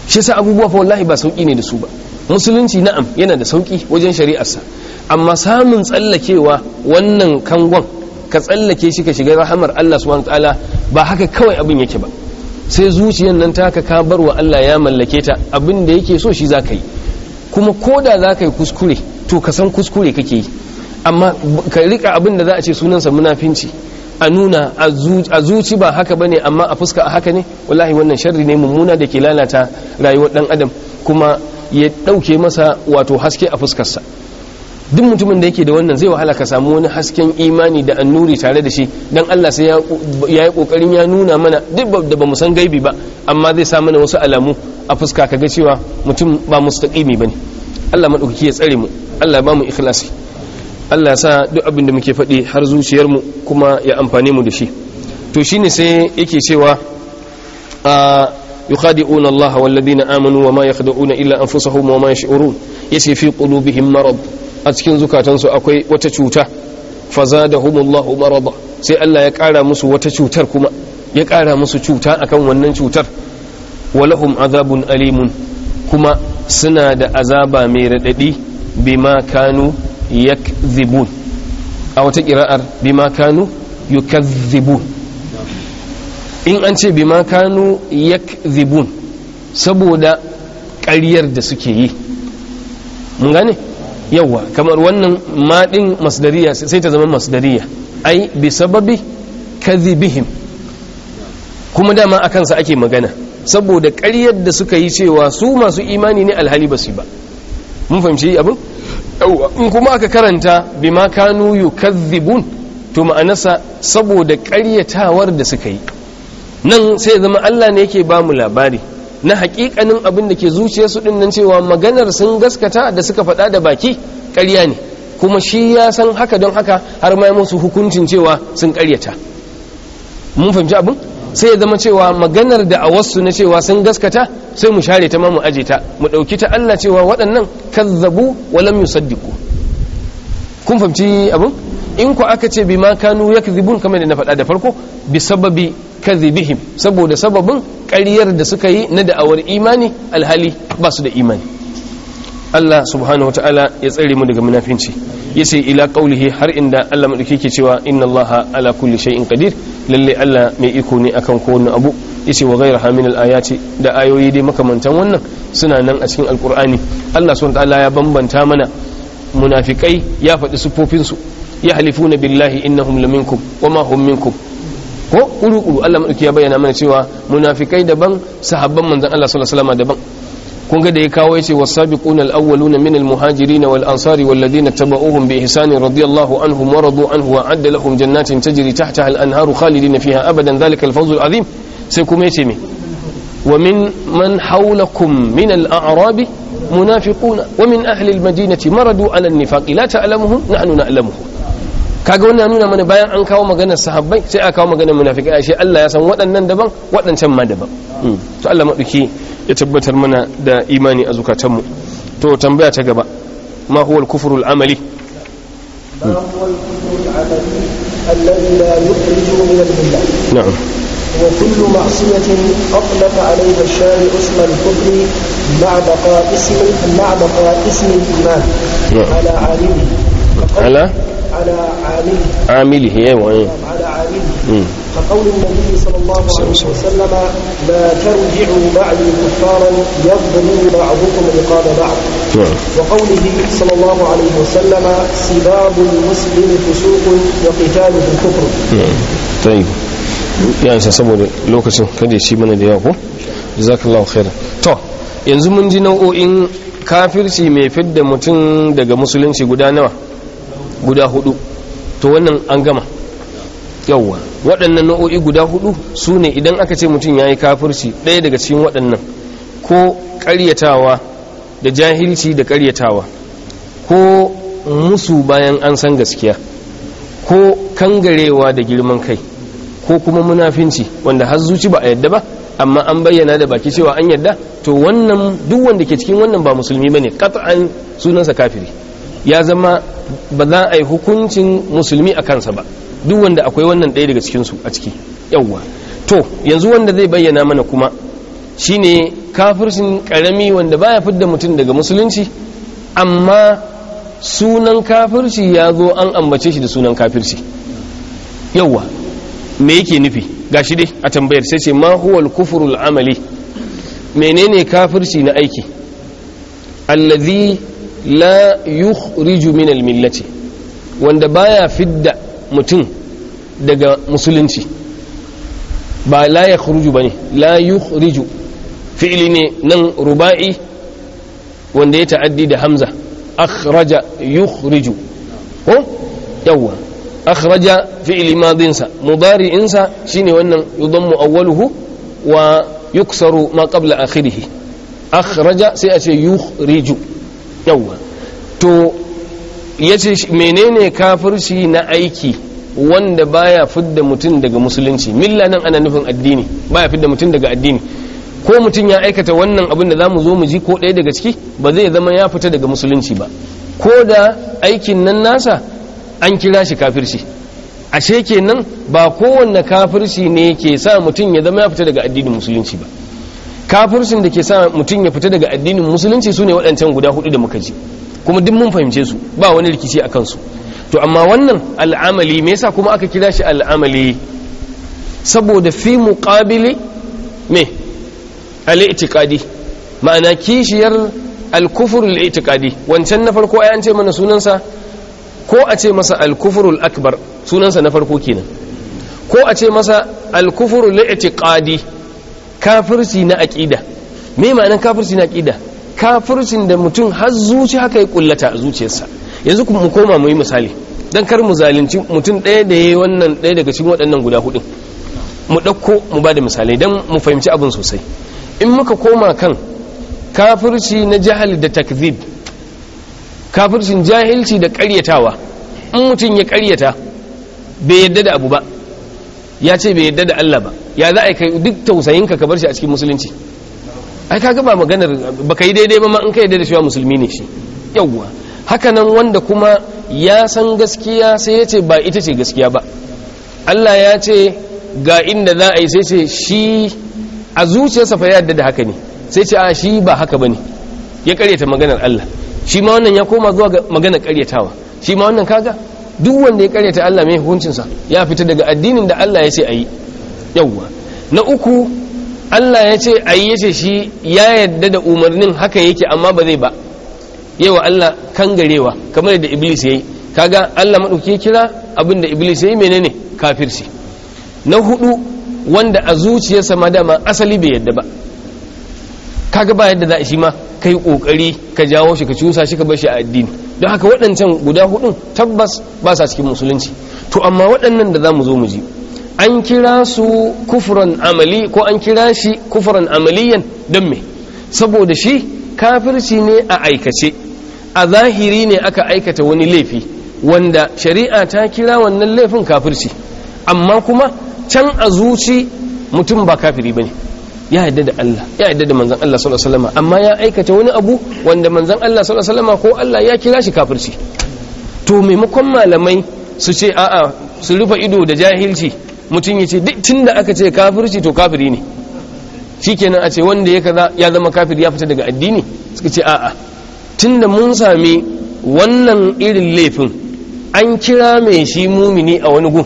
shi sa abubuwa fa wallahi ba sauki ne da su ba musulunci na'am yana da sauki wajen shari'arsa amma samun tsallakewa wannan kangon ka tsallake shi ka shiga rahamar Allah subhanahu tsala ba haka kawai abin yake ba sai zuciyar nan taka ka bar wa Allah ya mallake ta abin da yake so shi zaka yi kuma ko da za ka yi kuskure to ka san kuskure kake yi amma ka rika abin da za a ce sunansa munafinci a nuna a zuci ba haka bane amma a fuska a haka ne wallahi wannan sharri ne mummuna da ke lalata rayuwar dan adam kuma ya dauke masa wato haske a fuskarsa duk mutumin da yake da wannan zai wahala ka samu wani hasken imani da annuri tare da shi dan Allah sai ya yi kokarin ya nuna mana duk da bamu san gaibi ba amma zai sa mana wasu alamu a fuska ga cewa mutum ba mustaqimi bane Allah madaukaki ya tsare mu Allah ba mu ikhlasi Allah sa duk abin da muke faɗi har zuciyarmu kuma ya amfane mu da shi to shine sai yake cewa a yukhadi'una Allah wal ladina amanu wa ma yakhda'una illa anfusahum wa ma yash'urun yace fi qulubihim marad a cikin zukatansu akwai wata cuta fazadahumullahu marada sai Allah ya kara musu wata cutar kuma ya ƙara musu cuta akan wannan cutar walahum azabun alimun kuma suna da azaba mai raɗaɗi bima kanu yakzibun a wata kira'ar bima kanu yukazzibun in an ce bima kanu yakzibun saboda ƙaryar da suke yi mun gane yawa kamar wannan maɗin masdariya sai ta zama masdariya ai bi sababi kadhibihim kuma dama a kansa ake magana saboda ƙaryar da suka yi cewa su masu imani ne alhali ba su ba mun fahimci abin yauwa in kuma aka karanta ma kanu yukazzibun to ma'anarsa saboda ƙaryatawar da suka yi nan sai zama Allah ne yake ba mu labari na haƙiƙanin abin da ke zuciyarsu din nan cewa maganar sun gaskata da suka faɗa da baki ƙarya ne kuma shi ya san haka don haka har ma musu hukuncin cewa sun ƙaryata mun fahimci abin sai ya zama cewa maganar da a wasu na cewa sun gaskata sai mu share ta ma mu aje ta mu ɗauki ta Allah cewa waɗannan kazzabu walam yusaddiqu kun fahimci abin in ku aka ce bima kanu yakzibun kamar da na faɗa da farko bi sababi kazibihim saboda sababin ƙaryar da suka yi na da'awar imani alhali ba su da imani Allah subhanahu wa ta'ala ya tsare mu daga munafinci yace ila qaulihi har inda Allah madauki ke cewa inna Allaha ala kulli shay'in qadir lalle Allah mai iko ne akan kowane abu yace wa ghayra min al da ayoyi dai makamantan wannan suna nan a cikin alkur'ani Allah subhanahu ta'ala ya bambanta mana munafikai ya faɗi sufofinsu ya halifu na billahi innahum laminkum wama hum minkum ko kuru kuru Allah madauki ya bayyana mana cewa munafikai daban sahabban manzon Allah sallallahu alaihi wasallam daban kun ga da ya kawo yace wasabiqun alawwaluna min muhajirina wal ansari wal ladina tabauhum bi ihsan radiyallahu anhum wa radu anhu wa adda lahum jannatin tajri tahtaha al anharu khalidina fiha abadan dhalika al fawzul azim sai kuma yace me wa min man hawlakum min al a'rab munafiqun wa min ahli al madinati maradu ala al nifaq la ta'lamuhum nahnu na'lamuhum kaga wannan nuna mana bayan an kawo maganar sahabbai sai aka kawo maganar munafiqai ashe Allah ya san waɗannan daban waɗancan ma daban to Allah maɗauki ya tabbatar mana da imani a zukatanmu to tambaya ta gaba ma huwa al-kufru al-amali ما هو الكفر العملي الذي لا يخرج من المله نعم وكل معصية أطلق عليها الشارع اسم الكفر مع بقاء اسم مع بقاء اسم الإيمان على عالمه على على عامله عامله ايوه على عامله فقول النبي صلى الله عليه وسلم لا ترجعوا بعدي كفارا يضرب بعضكم رقاب بعض وقوله صلى الله عليه وسلم سباب المسلم فسوق وقتاله كفر طيب ya isa saboda lokacin kada shi mana da yawa ko jazakallahu khairan to yanzu mun ji nau'o'in kafirci mai fidda mutum daga musulunci guda nawa guda hudu to wannan an gama yawwa waɗannan nau'o'i guda hudu su ne idan aka ce mutum ya yi kafirci ɗaya daga cikin waɗannan ko ƙaryatawa da jahilci da ƙaryatawa ko musu bayan an san gaskiya ko kangarewa da girman kai ko kuma munafinci wanda har zuci ba a yadda ba amma an bayyana da baki cewa an yadda to wannan duk wanda ke cikin wannan ba musulmi bane qat'an sunansa kafiri ya zama ba za a yi hukuncin musulmi a kansa ba duk wanda akwai wannan ɗaya daga cikinsu a ciki yawwa to yanzu wanda zai bayyana mana kuma shine kafircin karami wanda baya fidda mutum daga musulunci amma sunan kafirci ya zo an ambace shi da sunan kafirci yawwa me yake nufi ga shi dai a tambayar sai ce ma huwal kufrul amali menene kafirci na aiki allazi la yukhriju min almillati wanda baya fidda mutum daga musulunci ba la yakhruju bane la yukhriju fi'li ne nan ruba'i wanda ya ta'addi da hamza akhraja yukhriju ko yawa akhraja fi'li madinsa mudari'insa shine wannan yudammu awwaluhu wa yuksaru ma qabla akhirih akhraja sai a ce yukhriju yawwa to ya ce menene kafirci na aiki wanda baya fidda mutum daga musulunci milla nan ana nufin addini baya fidda mutum daga addini ko mutum ya aikata wannan abin da za mu zo mu ji ko ɗaya daga ciki ba zai zama ya fita daga musulunci ba ko da aikin nan nasa an kira shi kafirci ashe kenan ba kowanne kafirci ne ke sa mutum ya zama ya fita daga addinin musulunci ba kafircin da ke sa mutum ya fita daga addinin musulunci su ne waɗancan guda hudu da muka ji kuma duk mun fahimce su ba wani rikici a kansu to amma wannan al'amali me yasa kuma aka kira shi al'amali saboda fi muqabili me al-i'tiqadi ma'ana kishiyar al-kufr al-i'tiqadi wancan na farko ayan ce mana sunansa ko a ce masa al akbar sunansa na farko kenan ko a ce masa al-kufr kafirci na aƙida me ma'anar kafirci na aƙida kafircin da mutum har zuci haka ya kullata a zuciyarsa yanzu mu koma mu yi misali don kar mu zalunci mutum ɗaya da yi wannan ɗaya daga cikin waɗannan guda hudu mu ɗauko mu ba da misalai don mu fahimci abin sosai in muka koma kan kafirci na jahal da takzib kafircin jahilci da karyatawa in mutum ya karyata bai yadda da abu ba ya ce bai yadda da Allah ba ya za a kai duk tausayin ka bar shi a cikin musulunci ai kaga ba maganar ba ka yi daidai ba ma in ka yi daidai shi musulmi ne shi yawwa hakanan wanda kuma ya san gaskiya sai ya ce ba ita ce gaskiya ba Allah ya ce ga inda za a yi sai ce shi a zuciyarsa fa yarda da haka ne sai ce a shi ba haka bane ya karyata maganar Allah shi ma wannan ya koma zuwa maganar karyatawa shi ma wannan kaga duk wanda ya karyata Allah mai hukuncinsa ya fita daga addinin da Allah ya ce a yi yawwa na uku Allah ya ce a yi yace shi ya yadda da umarnin haka yake amma ba zai ba yawa Allah kangarewa kamar da iblis ya yayi kaga Allah maɗauki kira abin da iblis ya yi menene kafirsi na hudu wanda a zuciyarsa ma dama asali bai yadda ba kaga ba yadda za shi ma kai kokari ka jawo shi ka cusa shi ka bar shi a addini don haka waɗancan guda hudun tabbas ba sa cikin musulunci to amma waɗannan da za mu zo mu ji an kira su kufuran amali ko an kira shi kufuran amaliyan don me saboda shi kafirci ne a aikace a zahiri ne aka aikata wani laifi wanda shari'a ta kira wannan laifin kafirci amma kuma can a zuci mutum ba kafiri ba ne ya yadda da Allah ya yadda da manzan Allah sallallahu alaihi wasallam amma ya aikata wani abu wanda manzan Allah sallallahu alaihi wasallam ko Allah ya kira shi kafirci to maimakon malamai su ce a'a su rufe ido da jahilci mutum ya ce duk tun da aka ce kafirci to kafiri ne shi kenan a ce wanda ya zama kafiri ya fita daga addini suka ce a'a tun da mun sami wannan irin laifin an kira mai shi mumini a wani gun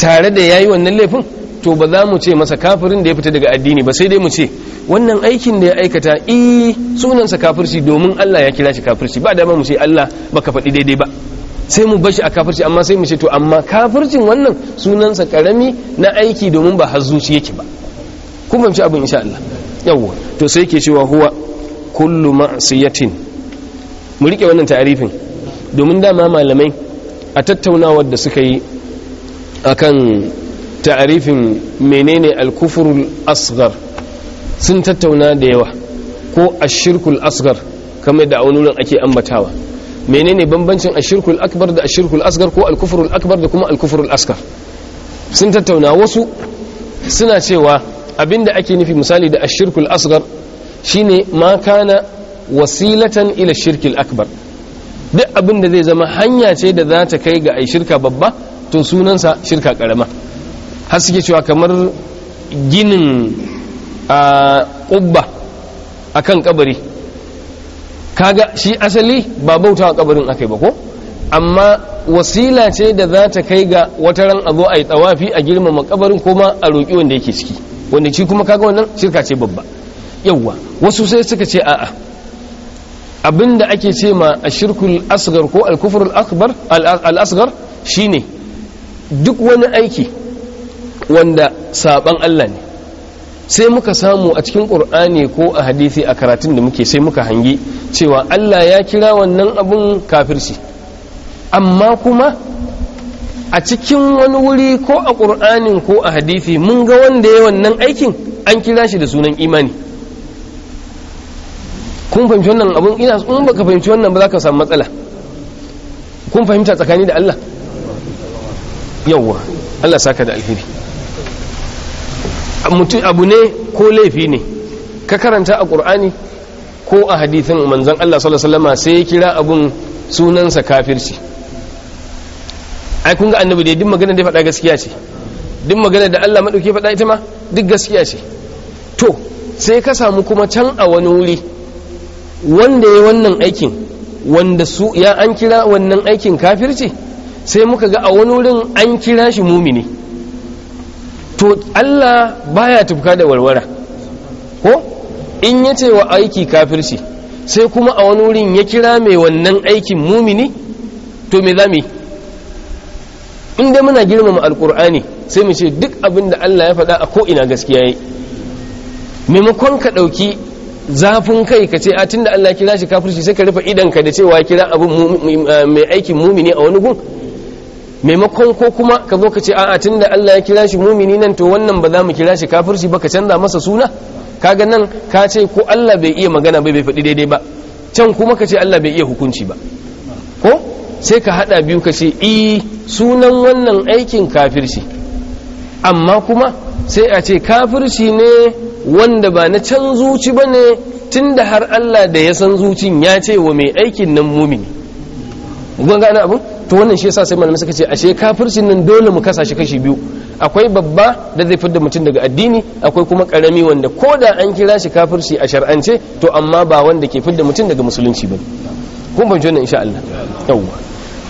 tare da ya yi wannan laifin to ba za mu ce masa kafirin da ya fita daga addini ba sai dai mu ce wannan aikin da ya aikata i eh, sunansa kafirci domin Allah ya kira shi kafirci ba dama mu ce Allah baka faɗi daidai ba sai mu bashi a kafirci amma sai mu ce to amma kafircin wannan sunansa karami na aiki domin ba hazzuci yake ba kun fahimci abin insha Allah yawwa to sai yake cewa huwa kullu ma'siyatin mu rike wannan ta'arifin domin dama malamai a tattaunawa da suka yi akan ta'arifin menene al al asghar sun tattauna da yawa ko ashirkul asghar kamar da a wani ake ambatawa menene bambancin ashirkul akbar da ashirkul asgar ko alkufrul akbar da kuma alkufrul asgar sun tattauna wasu suna cewa abinda ake nufi misali da ashirkul asgar shine ma kana wasilatan ila shirkil akbar duk abinda zai zama hanya ce da za ta kai ga ai shirka babba to sunansa shirka karama har suke cewa kamar ginin a kubba akan kabari kaga shi asali ba bautawa kabarin akai ba ko amma wasila ce da za ta kai ga wata ran a zo a yi tsawafi a girmama kabarin kuma a roƙi wanda yake ciki wanda shi kuma kaga wannan shirka ce babba yawwa wasu sai suka ce a'a abinda ake ce ma a shirkul asgar ko alkufrul akbar al-asgar shine duk wani aiki wanda saban Allah ne sai muka samu a cikin ƙur'ani ko a hadisi a karatun da muke sai muka hangi cewa Allah ya kira wannan abun kafirci amma kuma a cikin wani wuri ko a ƙur'anin ko a hadithi mun ga wanda ya wannan aikin an kira shi da sunan imani kun fahimci wannan abun ina in baka fahimci wannan ba za ka samu matsala kun fahimta tsakani da Allah yawwa Allah saka da alheri mutum abu ne ko laifi ne ka karanta a ƙur'ani ko a hadithin manzan Allah sallallahu sai ya kira abun sunansa kafirci ai kun ga annabi da duk magana da ya faɗa gaskiya ce duk magana da Allah madauke faɗa ita ma duk gaskiya ce to sai ka samu kuma can a wani wuri wanda ya wannan aikin wanda su ya an kira wannan aikin kafirci sai muka ga a wani wurin an kira shi mumini to Allah baya tufka da warwara ko in ya wa aiki kafirci sai kuma a wani wurin ya kira mai wannan aikin mumini to me za inda muna girmama alkur'ani sai mu ce duk abin da Allah ya faɗa a ko'ina gaskiya yi maimakon ka ɗauki zafin kai ka ce a tun Allah kira shi kafirci sai ka rufe idanka da cewa kira abin mai aikin mumini a wani gun maimakon ko kuma ka zo ka ce a'a tunda Allah ya kira shi mumini nan to wannan ba za mu kira shi kafirci ba ka canza masa suna kaga nan ka ce ko Allah bai iya magana bai bai faɗi daidai ba can kuma ka ce Allah bai iya hukunci ba ko sai ka haɗa biyu ka ce i e, sunan wannan aikin kafirci amma kuma sai a ce kafirci ne wanda ba na can zuci ba ne tun da har Allah da ya san zucin ya ce wa mai aikin nan mumini gwangana abin to wannan shi yasa sai malamai suka ce ashe kafircin nan dole mu kasa shi kashi biyu akwai babba da zai fidda mutum daga addini akwai kuma karami wanda ko da an kira shi kafirci a shar'ance to amma ba wanda ke fidda mutum daga musulunci ba kun fahimci wannan insha Allah yawwa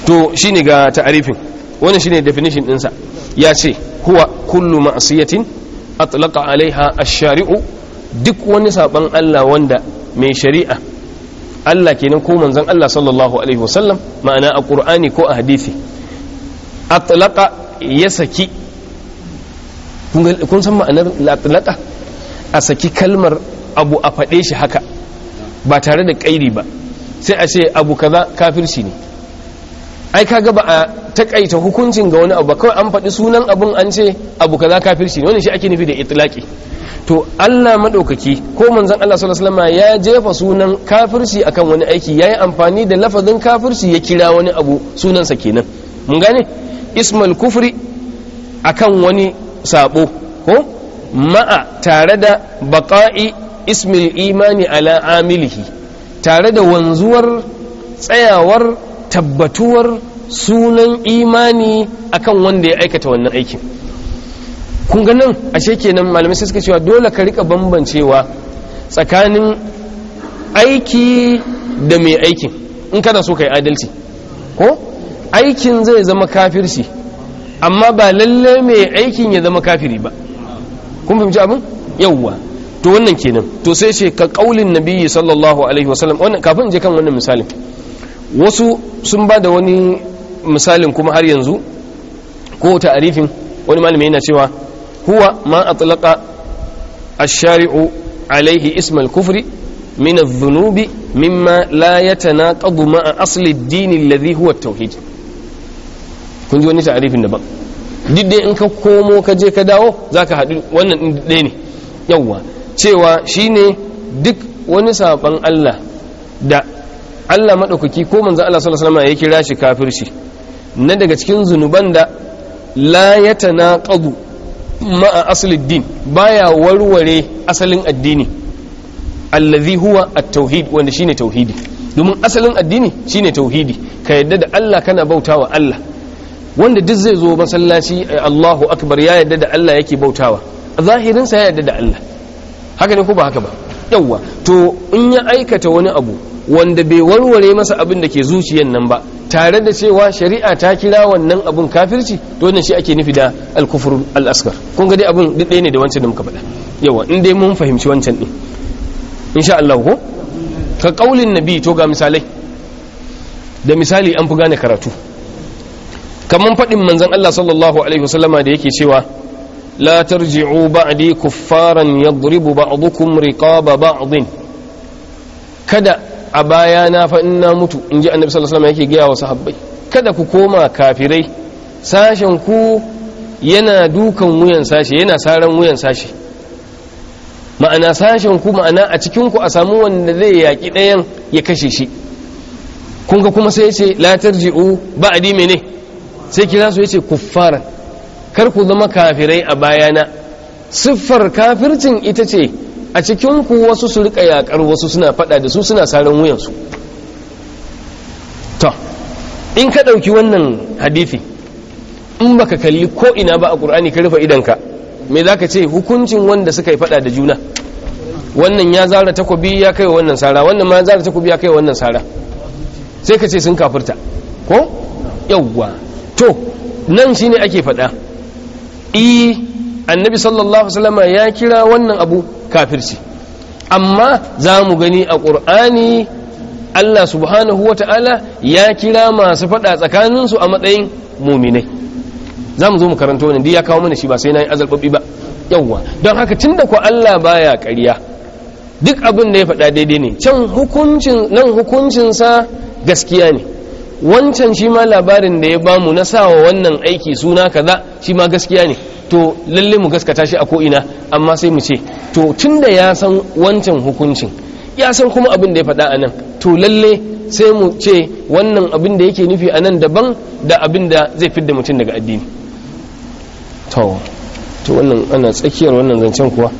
to shine ga ta'arifin wannan shine definition ɗinsa ya ce huwa kullu ma'siyatin atlaqa alaiha ash-shari'u duk wani saban Allah wanda mai shari'a Allah kenan ko manzon Allah sallallahu alaihi wasallam ma'ana a Qur'ani ko a hadisi atlaqa ya saki kun san ma'anar atlaqa a saki kalmar abu a faɗe shi haka ba tare da ƙairi ba sai a ce abu kaza kafirci ne ai kaga ba a takaita hukuncin ga wani abu ba kawai an faɗi sunan abun an ce abu kaza kafirci ne wannan shi ake nufi da itlaki to Allah madaukaki ko manzon Allah sallallahu alaihi ya jefa sunan kafirci akan wani aiki ya yi amfani da lafazin kafirci ya kira wani abu sunansa kenan mun gane ismul kufri akan wani sabo ko ma'a tare da baqa'i ismil imani ala amilihi tare da wanzuwar tsayawar tabbatuwar sunan imani akan wanda ya aikata wannan aikin kun ga nan ashe kenan malamai sai suka cewa dole ka rika bambancewa tsakanin aiki da mai aikin in kana so ka yi adalci ko aikin zai zama kafirci amma ba lalle mai aikin ya zama kafiri ba kun fahimci abin yawwa to wannan kenan to sai ce ka kaulin nabi sallallahu alaihi wasallam kafin je kan wannan misalin wasu sun ba da wani misalin kuma har yanzu ko ta'arifin wani malamai yana cewa huwa ma a atlaqa a shariu alaihi ismail kufri min zunubi mimma la yatanaqadu ma'a a asali dini alladhi huwa tauhid kun ji wani ta'arifin daban duk dai in ka komo ka je ka dawo za ka haɗu wannan ɗaya ne yauwa cewa shine duk wani sabon Allah da Allah maɗaukaki ko manzo Allah sallallahu alaihi wasallam ya kira shi shi na daga cikin zunuban da la yatanaqadu ma'a asli din baya warware asalin addini allazi huwa at-tauhid wanda shine tauhidi domin asalin addini shine tauhidi ka yadda da Allah kana bautawa Allah wanda duk zai zo masallaci eh, Allahu akbar ya yadda da Allah yake bautawa zahirinsa ya yadda da Allah haka ne ko ba haka ba yawwa to in ya aikata wani abu wanda bai warware masa abin da ke zuciyan nan ba tare da cewa shari'a ta kira wannan abun kafirci to wannan shi ake nufi da al-kufr al askar kun ga dai abun duk ɗaya ne da wancan da muka faɗa yawa in dai mun fahimci wancan din insha Allah ko ka kaulin nabi to ga misalai da misali an fi gane karatu kaman faɗin manzon Allah sallallahu alaihi wasallama da yake cewa لا ترجعوا بعدي كفارا يضرب بعضكم رقاب بعض kada a baya na fa in na mutu in ji annabi sallallahu alaihi wasallam yake gaya wa sahabbai kada ku koma kafirai sashen ku yana dukan wuyan sashe yana saran wuyan sashe ma'ana sashen ku ma'ana a cikin ku a samu wanda zai yaki ɗayan ya kashe shi kun ga kuma sai yace la tarji'u ba'di mene sai kira su yace kuffaran kar ku zama kafirai a bayana siffar kafircin ita ce a cikin ku wasu su rika yakar wasu suna fada da su suna saran wuyansu to in ka dauki wannan hadisi in baka kalli ko ina ba a qur'ani ka rufe ka me zaka ce hukuncin wanda suka yi fada da juna wannan ya zara takobi ya kai wannan sara wannan ma zara takobi ya kai wannan sara sai ka ce sun kafirta ko yawwa to nan shine ake fada i e, annabi sallallahu alaihi ya kira wannan abu kafirci amma za mu gani a ƙur'ani Allah subhanahu wata'ala ya kira masu faɗa tsakaninsu a matsayin muminai za mu zo mu karanta wani ya kawo mana shi ba sai na yi azalɓaɓi ba yawwa don haka tun da ku Allah baya ƙarya duk abin da ya faɗa daidai ne can hukuncin nan hukuncinsa gaskiya ne wancan shi ma labarin da ya bamu na sawa wannan aiki suna kaza shi ma gaskiya ne to lalle mu gaskata shi a ko'ina amma sai mu ce to tun da ya san wancan hukuncin ya san kuma abin da ya faɗa a nan to lalle sai mu ce wannan abin da yake nufi a nan daban da abin da zai fidda mutum daga addini to wannan ana tsakiyar wannan zancen kuwa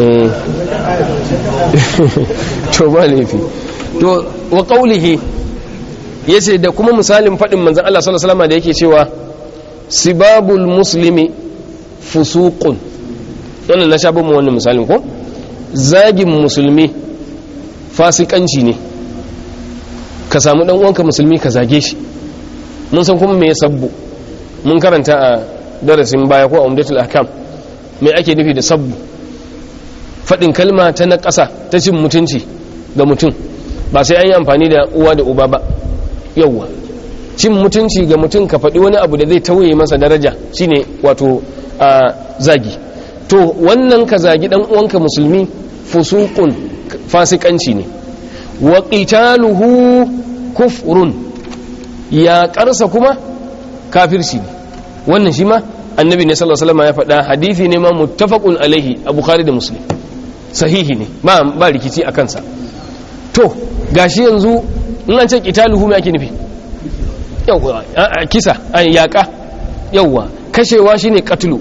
eh. to ba laifi to wa ƙaulihi. ya ce da kuma misalin faɗin manzan Allah sallallahu da yake cewa sibabul musulmi fusukun yana na sha mu wani misalin ko zagin musulmi fasikanci ne ka samu ɗan'uwanka uwanka musulmi ka zage shi mun san kuma mai ya sabbu mun karanta a darasin baya ko a umdatul akam mai ake nufi da sabbu faɗin kalma ta na ƙasa ta cin mutunci ga mutum ba sai an yi amfani da uwa da uba ba Yauwa, cin mutunci ga mutum ka faɗi wani abu da zai tauye masa daraja shine wato zagi to wannan ka zagi dan uwanka musulmi fusuqun fasikanci ne wa qitaluhu kufrun ya karsa kuma kafirci ne wannan shi ma annabi ne sallallahu alaihi wasallam ya faɗa hadisi ne ma muttafaqun alaihi a bukhari da muslim sahihi ne ba rikici a kansa. to gashi yanzu in an ce qitaluhu me ake nufi kisa yawwa kashewa shine qatlu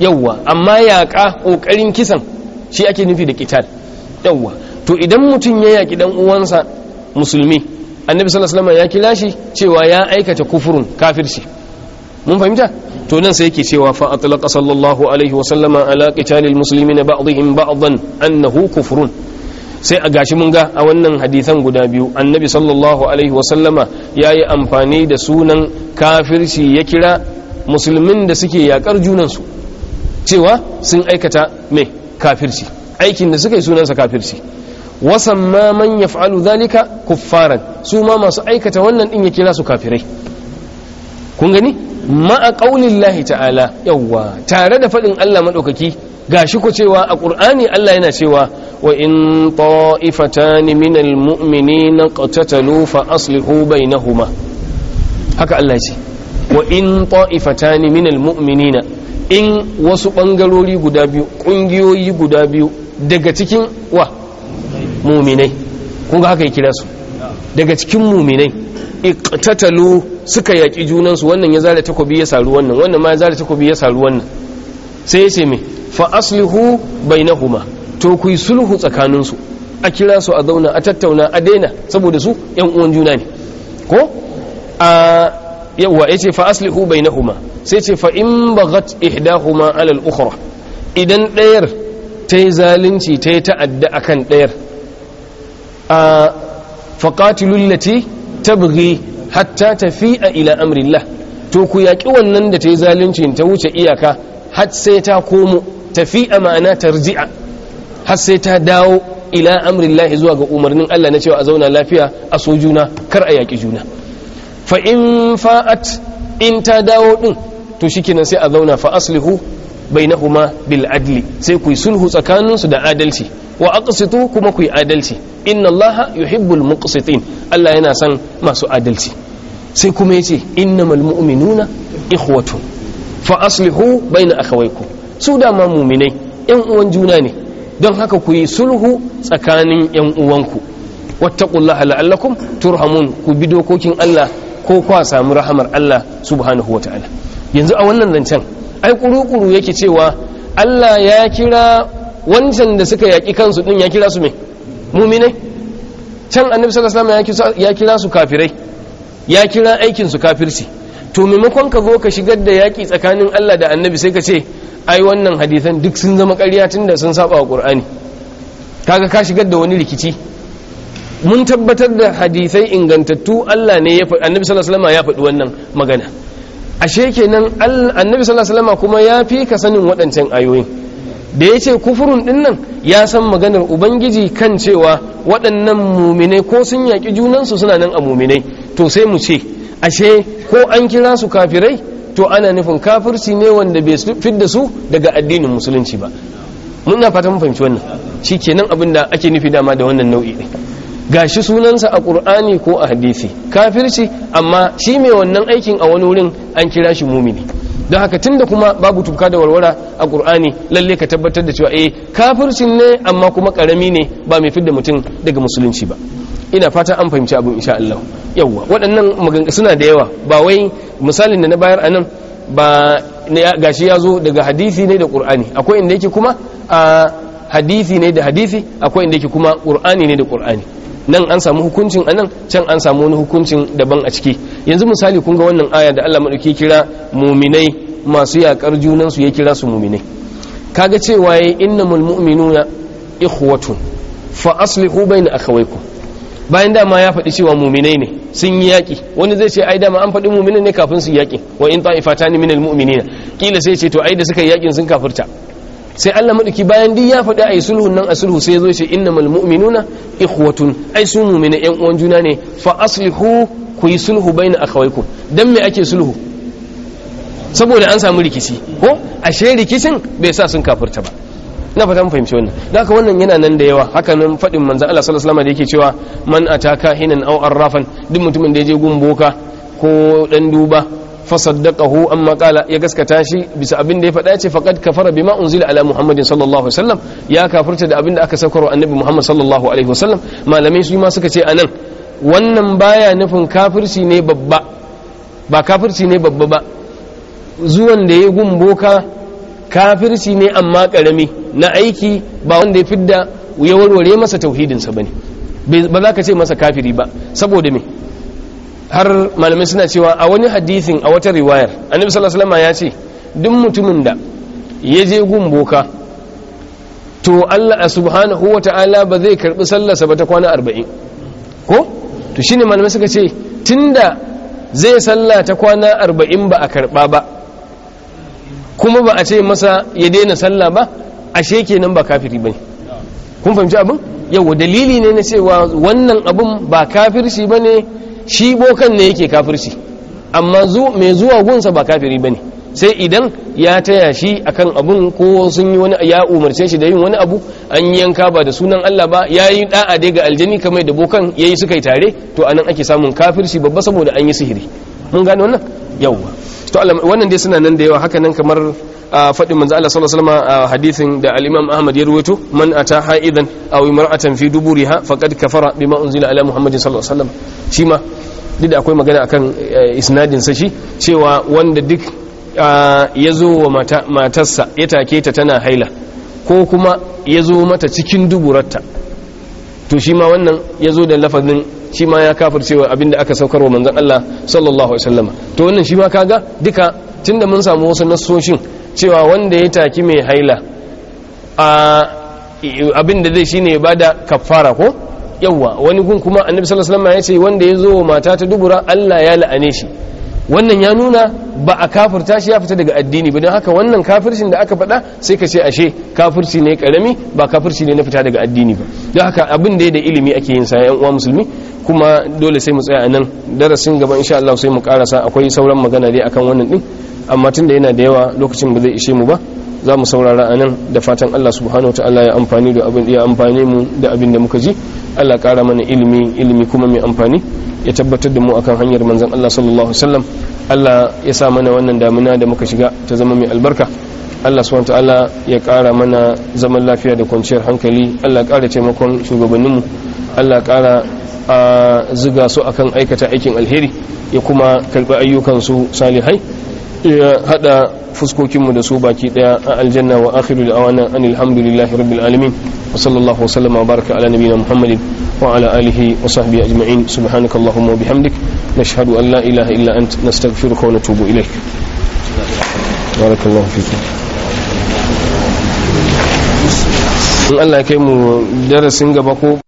yawwa amma yaka ƙoƙarin kisan shi ake nufi da kital yawwa to idan mutum ya yaki ɗan uwansa musulmi annabi sallallahu alaihi ya kira shi cewa ya aikata kufurun kafirci mun fahimta to nan sai yake cewa fa atlaqa sallallahu alaihi wasallama ala qitalil muslimina ba'dihim ba'dan annahu kufrun sai a gashi mun ga a wannan hadisan guda biyu annabi sallallahu alaihi wasallama ya yi amfani da sunan kafirci ya kira musulmin da suke yakar junansu cewa sun aikata mai kafirci aikin da suka yi sunansa kafirci wasan ma man ya fa'alu zalika kuffaran su ma masu aikata wannan din ya kira su kafirai kun gani Ma a ƙaunin lahi ta'ala yawwa tare da faɗin allah maɗaukaki Ga shi ku cewa a ƙur'ani Allah yana cewa wa in ni minal na qatatalu fa aslihu huma. haka Allah ce wa in ni minal na in wasu ɓangarori guda biyu ƙungiyoyi guda biyu daga cikin wa mu'minai kun ga haka ya kira su daga cikin mu'minai iqtatalu suka yaƙi junansu wannan ya zara takobi ya saru wannan wannan ma ya zara takobi ya saru wannan sai ya ce mai fa aslihu huma to ku yi sulhu tsakaninsu a kira su a zauna a tattauna a daina saboda su yan uwan juna ne ko a yawa ya ce fa aslihu bainahuma sai ce fa in baghat ihdahuma ala alal ukhra idan ɗayar ta yi zalunci ta yi ta'adda kan ɗayar a faƙatilun lati ta bugi hatta tafi'a ila amrillah to ku yaƙi wannan da ta yi zalunci ta wuce iyaka har sai ta komo tafi a ma'ana tarji'a har sai ta dawo ila amrin lahi zuwa ga umarnin Allah na cewa a zauna lafiya a so juna kar a yaki juna fa in fa'at in ta dawo din to shikenan sai a zauna fa aslihu bainahuma bil adli sai ku sulhu sulhu tsakaninsu da adalci wa aqsitu kuma ku yi adalci inna allaha yuhibbul muqsitin Allah yana son masu adalci sai kuma yace innamal mu'minuna ikhwatun fa aslihu baina akhawaykum su da ma muminai yan uwan juna ne don haka ku yi sulhu tsakanin yan uwanku wattaqullaha la'allakum turhamun ku bi dokokin Allah ko kwa samu rahamar Allah subhanahu wata'ala yanzu a wannan zancen ai kurukuru yake cewa Allah ya kira wancan da suka yaki kansu din ya kira su me muminai can annabi sallallahu alaihi wasallam ya kira su kafirai ya kira aikin su kafirci to maimakon ka zo ka shigar da yaƙi tsakanin Allah da annabi sai ka ce ai wannan hadisan duk sun zama ƙarya tun da sun saba wa kaga ka shigar da wani rikici mun tabbatar da hadisai ingantattu Allah ne ya faɗi annabi sallallahu alaihi ya faɗi wannan magana ashe kenan annabi sallallahu alaihi kuma ya fi ka sanin waɗancan ayoyin da ya ce kufurun din nan ya san maganar ubangiji kan cewa waɗannan muminai ko sun yaƙi junansu suna nan a muminai to sai mu ce ashe ko an kira su kafirai to ana nufin kafirci ne wanda bai da su daga addinin musulunci ba na fata mun fahimci wannan shi kenan abin da ake nufi dama da wannan nau'i Ga shi sunansa a ƙur'ani ko a hadisi kafirci amma shi mai wannan aikin a wani wurin an kira shi mumini don haka tun da kuma babu tuka da warwara a ƙur'ani lalle ka tabbatar da cewa eh kafircin ne amma kuma ƙarami ne ba mai fidda mutum daga musulunci ba ina fata an fahimci abin insha Allah yawwa waɗannan maganga suna da yawa ba wai misalin da na bayar anan ba gashi ya zo daga hadisi ne da qur'ani akwai inda yake kuma a hadisi ne da hadisi akwai inda yake kuma qur'ani ne da qur'ani nan an samu hukuncin anan can an samu wani hukuncin daban a ciki yanzu misali kun ga wannan aya da Allah madauki kira muminai masu yakar junan su ya kira su muminai kaga cewa innamal mu'minuna ikhwatun fa aslihu bayna akhawaykum bayan dama ya faɗi cewa muminai ne sun yi yaƙi wani zai ce ai dama an faɗi muminai ne kafin su yaƙi wa in ta ni minal mu'minina kila sai ce to ai da suka yi yaƙin sun kafirta sai Allah madaki bayan din ya faɗi ai sulhun nan asulhu sai zo ce innamal mu'minuna ikhwatun ai su muminai ƴan uwan juna ne fa aslihu ku yi sulhu baina akhawaikum dan me ake sulhu saboda an samu rikici ko ashe rikicin bai sa sun kafirta ba na fata mun fahimci wannan da haka wannan yana nan da yawa haka nan faɗin manzan Allah sallallahu alaihi wasallam da yake cewa man ataka hinan aw arrafan duk mutumin da ya je gun boka ko dan duba saddaqahu amma qala ya gaskata shi bisa abin da ya faɗa ce faqad kafara bima unzila ala muhammadin sallallahu alaihi wasallam ya kafirta da abin da aka sakarwa annabi muhammad sallallahu alaihi wasallam malamai su ma suka ce anan wannan baya nufin kafirci ne babba ba kafirci ne babba ba zuwan da ya gun boka kafirci ne amma karami na aiki ba wanda ya fidda ya warware masa tauhidinsa ba ne ba za ka ce masa kafiri ba saboda me har malamai suna cewa a wani hadisin a wata riwayar annabi sallallahu alaihi wasallam ya ce duk mutumin da ya je gun boka to Allah subhanahu wata'ala ba zai karbi sallarsa ba ta kwana 40 ko to shine malamai suka ce tunda zai sallah ta kwana 40 ba a karba ba kuma ba a ce masa ya daina sallah ba ashe nan ba kafiri ba ne, kun fahimci abin yawa dalili ne na cewa wannan abin ba kafirci ne shi bokan ne yake kafirci amma mai zuwa gunsa ba kafiri ba ne sai idan ya taya shi akan abun ko sun yi wani ya umarce shi da yin wani abu an yi yanka ba da sunan Allah ba ya yi da'a ga aljani kamar da bokan ya yi suka yi tare to anan ake samun kafirci babba saboda an yi sihiri mun gane wannan yawwa to wannan dai suna nan da yawa haka nan kamar faɗin manzo Allah sallallahu alaihi wasallam hadisin da al-Imam Ahmad ya rawaito man ata haidan aw imra'atan fi duburiha faqad kafara bima unzila ala Muhammadin sallallahu alaihi wasallam shi ma duk akwai magana akan e, isnadin sa shi cewa wanda duk ya zo wa matarsa ya take ta tana haila ko kuma yazo zo mata cikin duburarta to shi ma wannan ya zo da lafazin shi ma ya abin da aka saukar wa manzon Allah sallallahu alaihi wasallama to wannan shi ma kaga duka tunda mun samu wasu nasoshin cewa wanda ya taki mai haila a abinda zai shine ya da kafara ko yawa wani gun kuma annabi sallallahu alaihi wasallama ya ce wanda ya zo mata ta dubura Allah ya la'ane shi wannan ya nuna ba a kafirta shi ya fita daga addini ba don haka wannan kafircin da aka faɗa sai ka ce ashe kafirci ne karami ba kafirci ne na fita daga addini ba don haka abin da da ilimi ake yin sa yan uwa musulmi kuma dole sai mu tsaya a nan darasin gaba insha Allah sai mu karasa akwai sauran magana dai akan wannan din amma tunda yana da yawa lokacin ba zai ishe mu ba za mu saurara a nan da fatan Allah subhanahu wa ta'ala ya amfani da abin ya amfane mu da abin da muka ji Allah kara mana ilimi ilimi kuma mai amfani ya tabbatar da mu akan hanyar manzon Allah sallallahu alaihi wasallam Allah ya sa mana wannan damina da muka shiga ta zama mai albarka Allah subhanahu ta'ala ya kara mana zaman lafiya da kwanciyar hankali Allah kara taimakon shugabanninmu Allah kara a ziga su akan aikata aikin alheri ya kuma karɓi ayyukan su salihai ya hada fuskokinmu da su baki daya a aljanna wa akhiru da awana an rabbil alamin wa sallallahu wa sallama wa baraka ala nabiyina muhammadin wa ala alihi wa sahbihi ajma'in subhanakallahumma wa bihamdik nashhadu an la ilaha illa ant nastaghfiruka wa natubu ilaik barakallahu fikum in Allah ya kai mu darasin gaba ko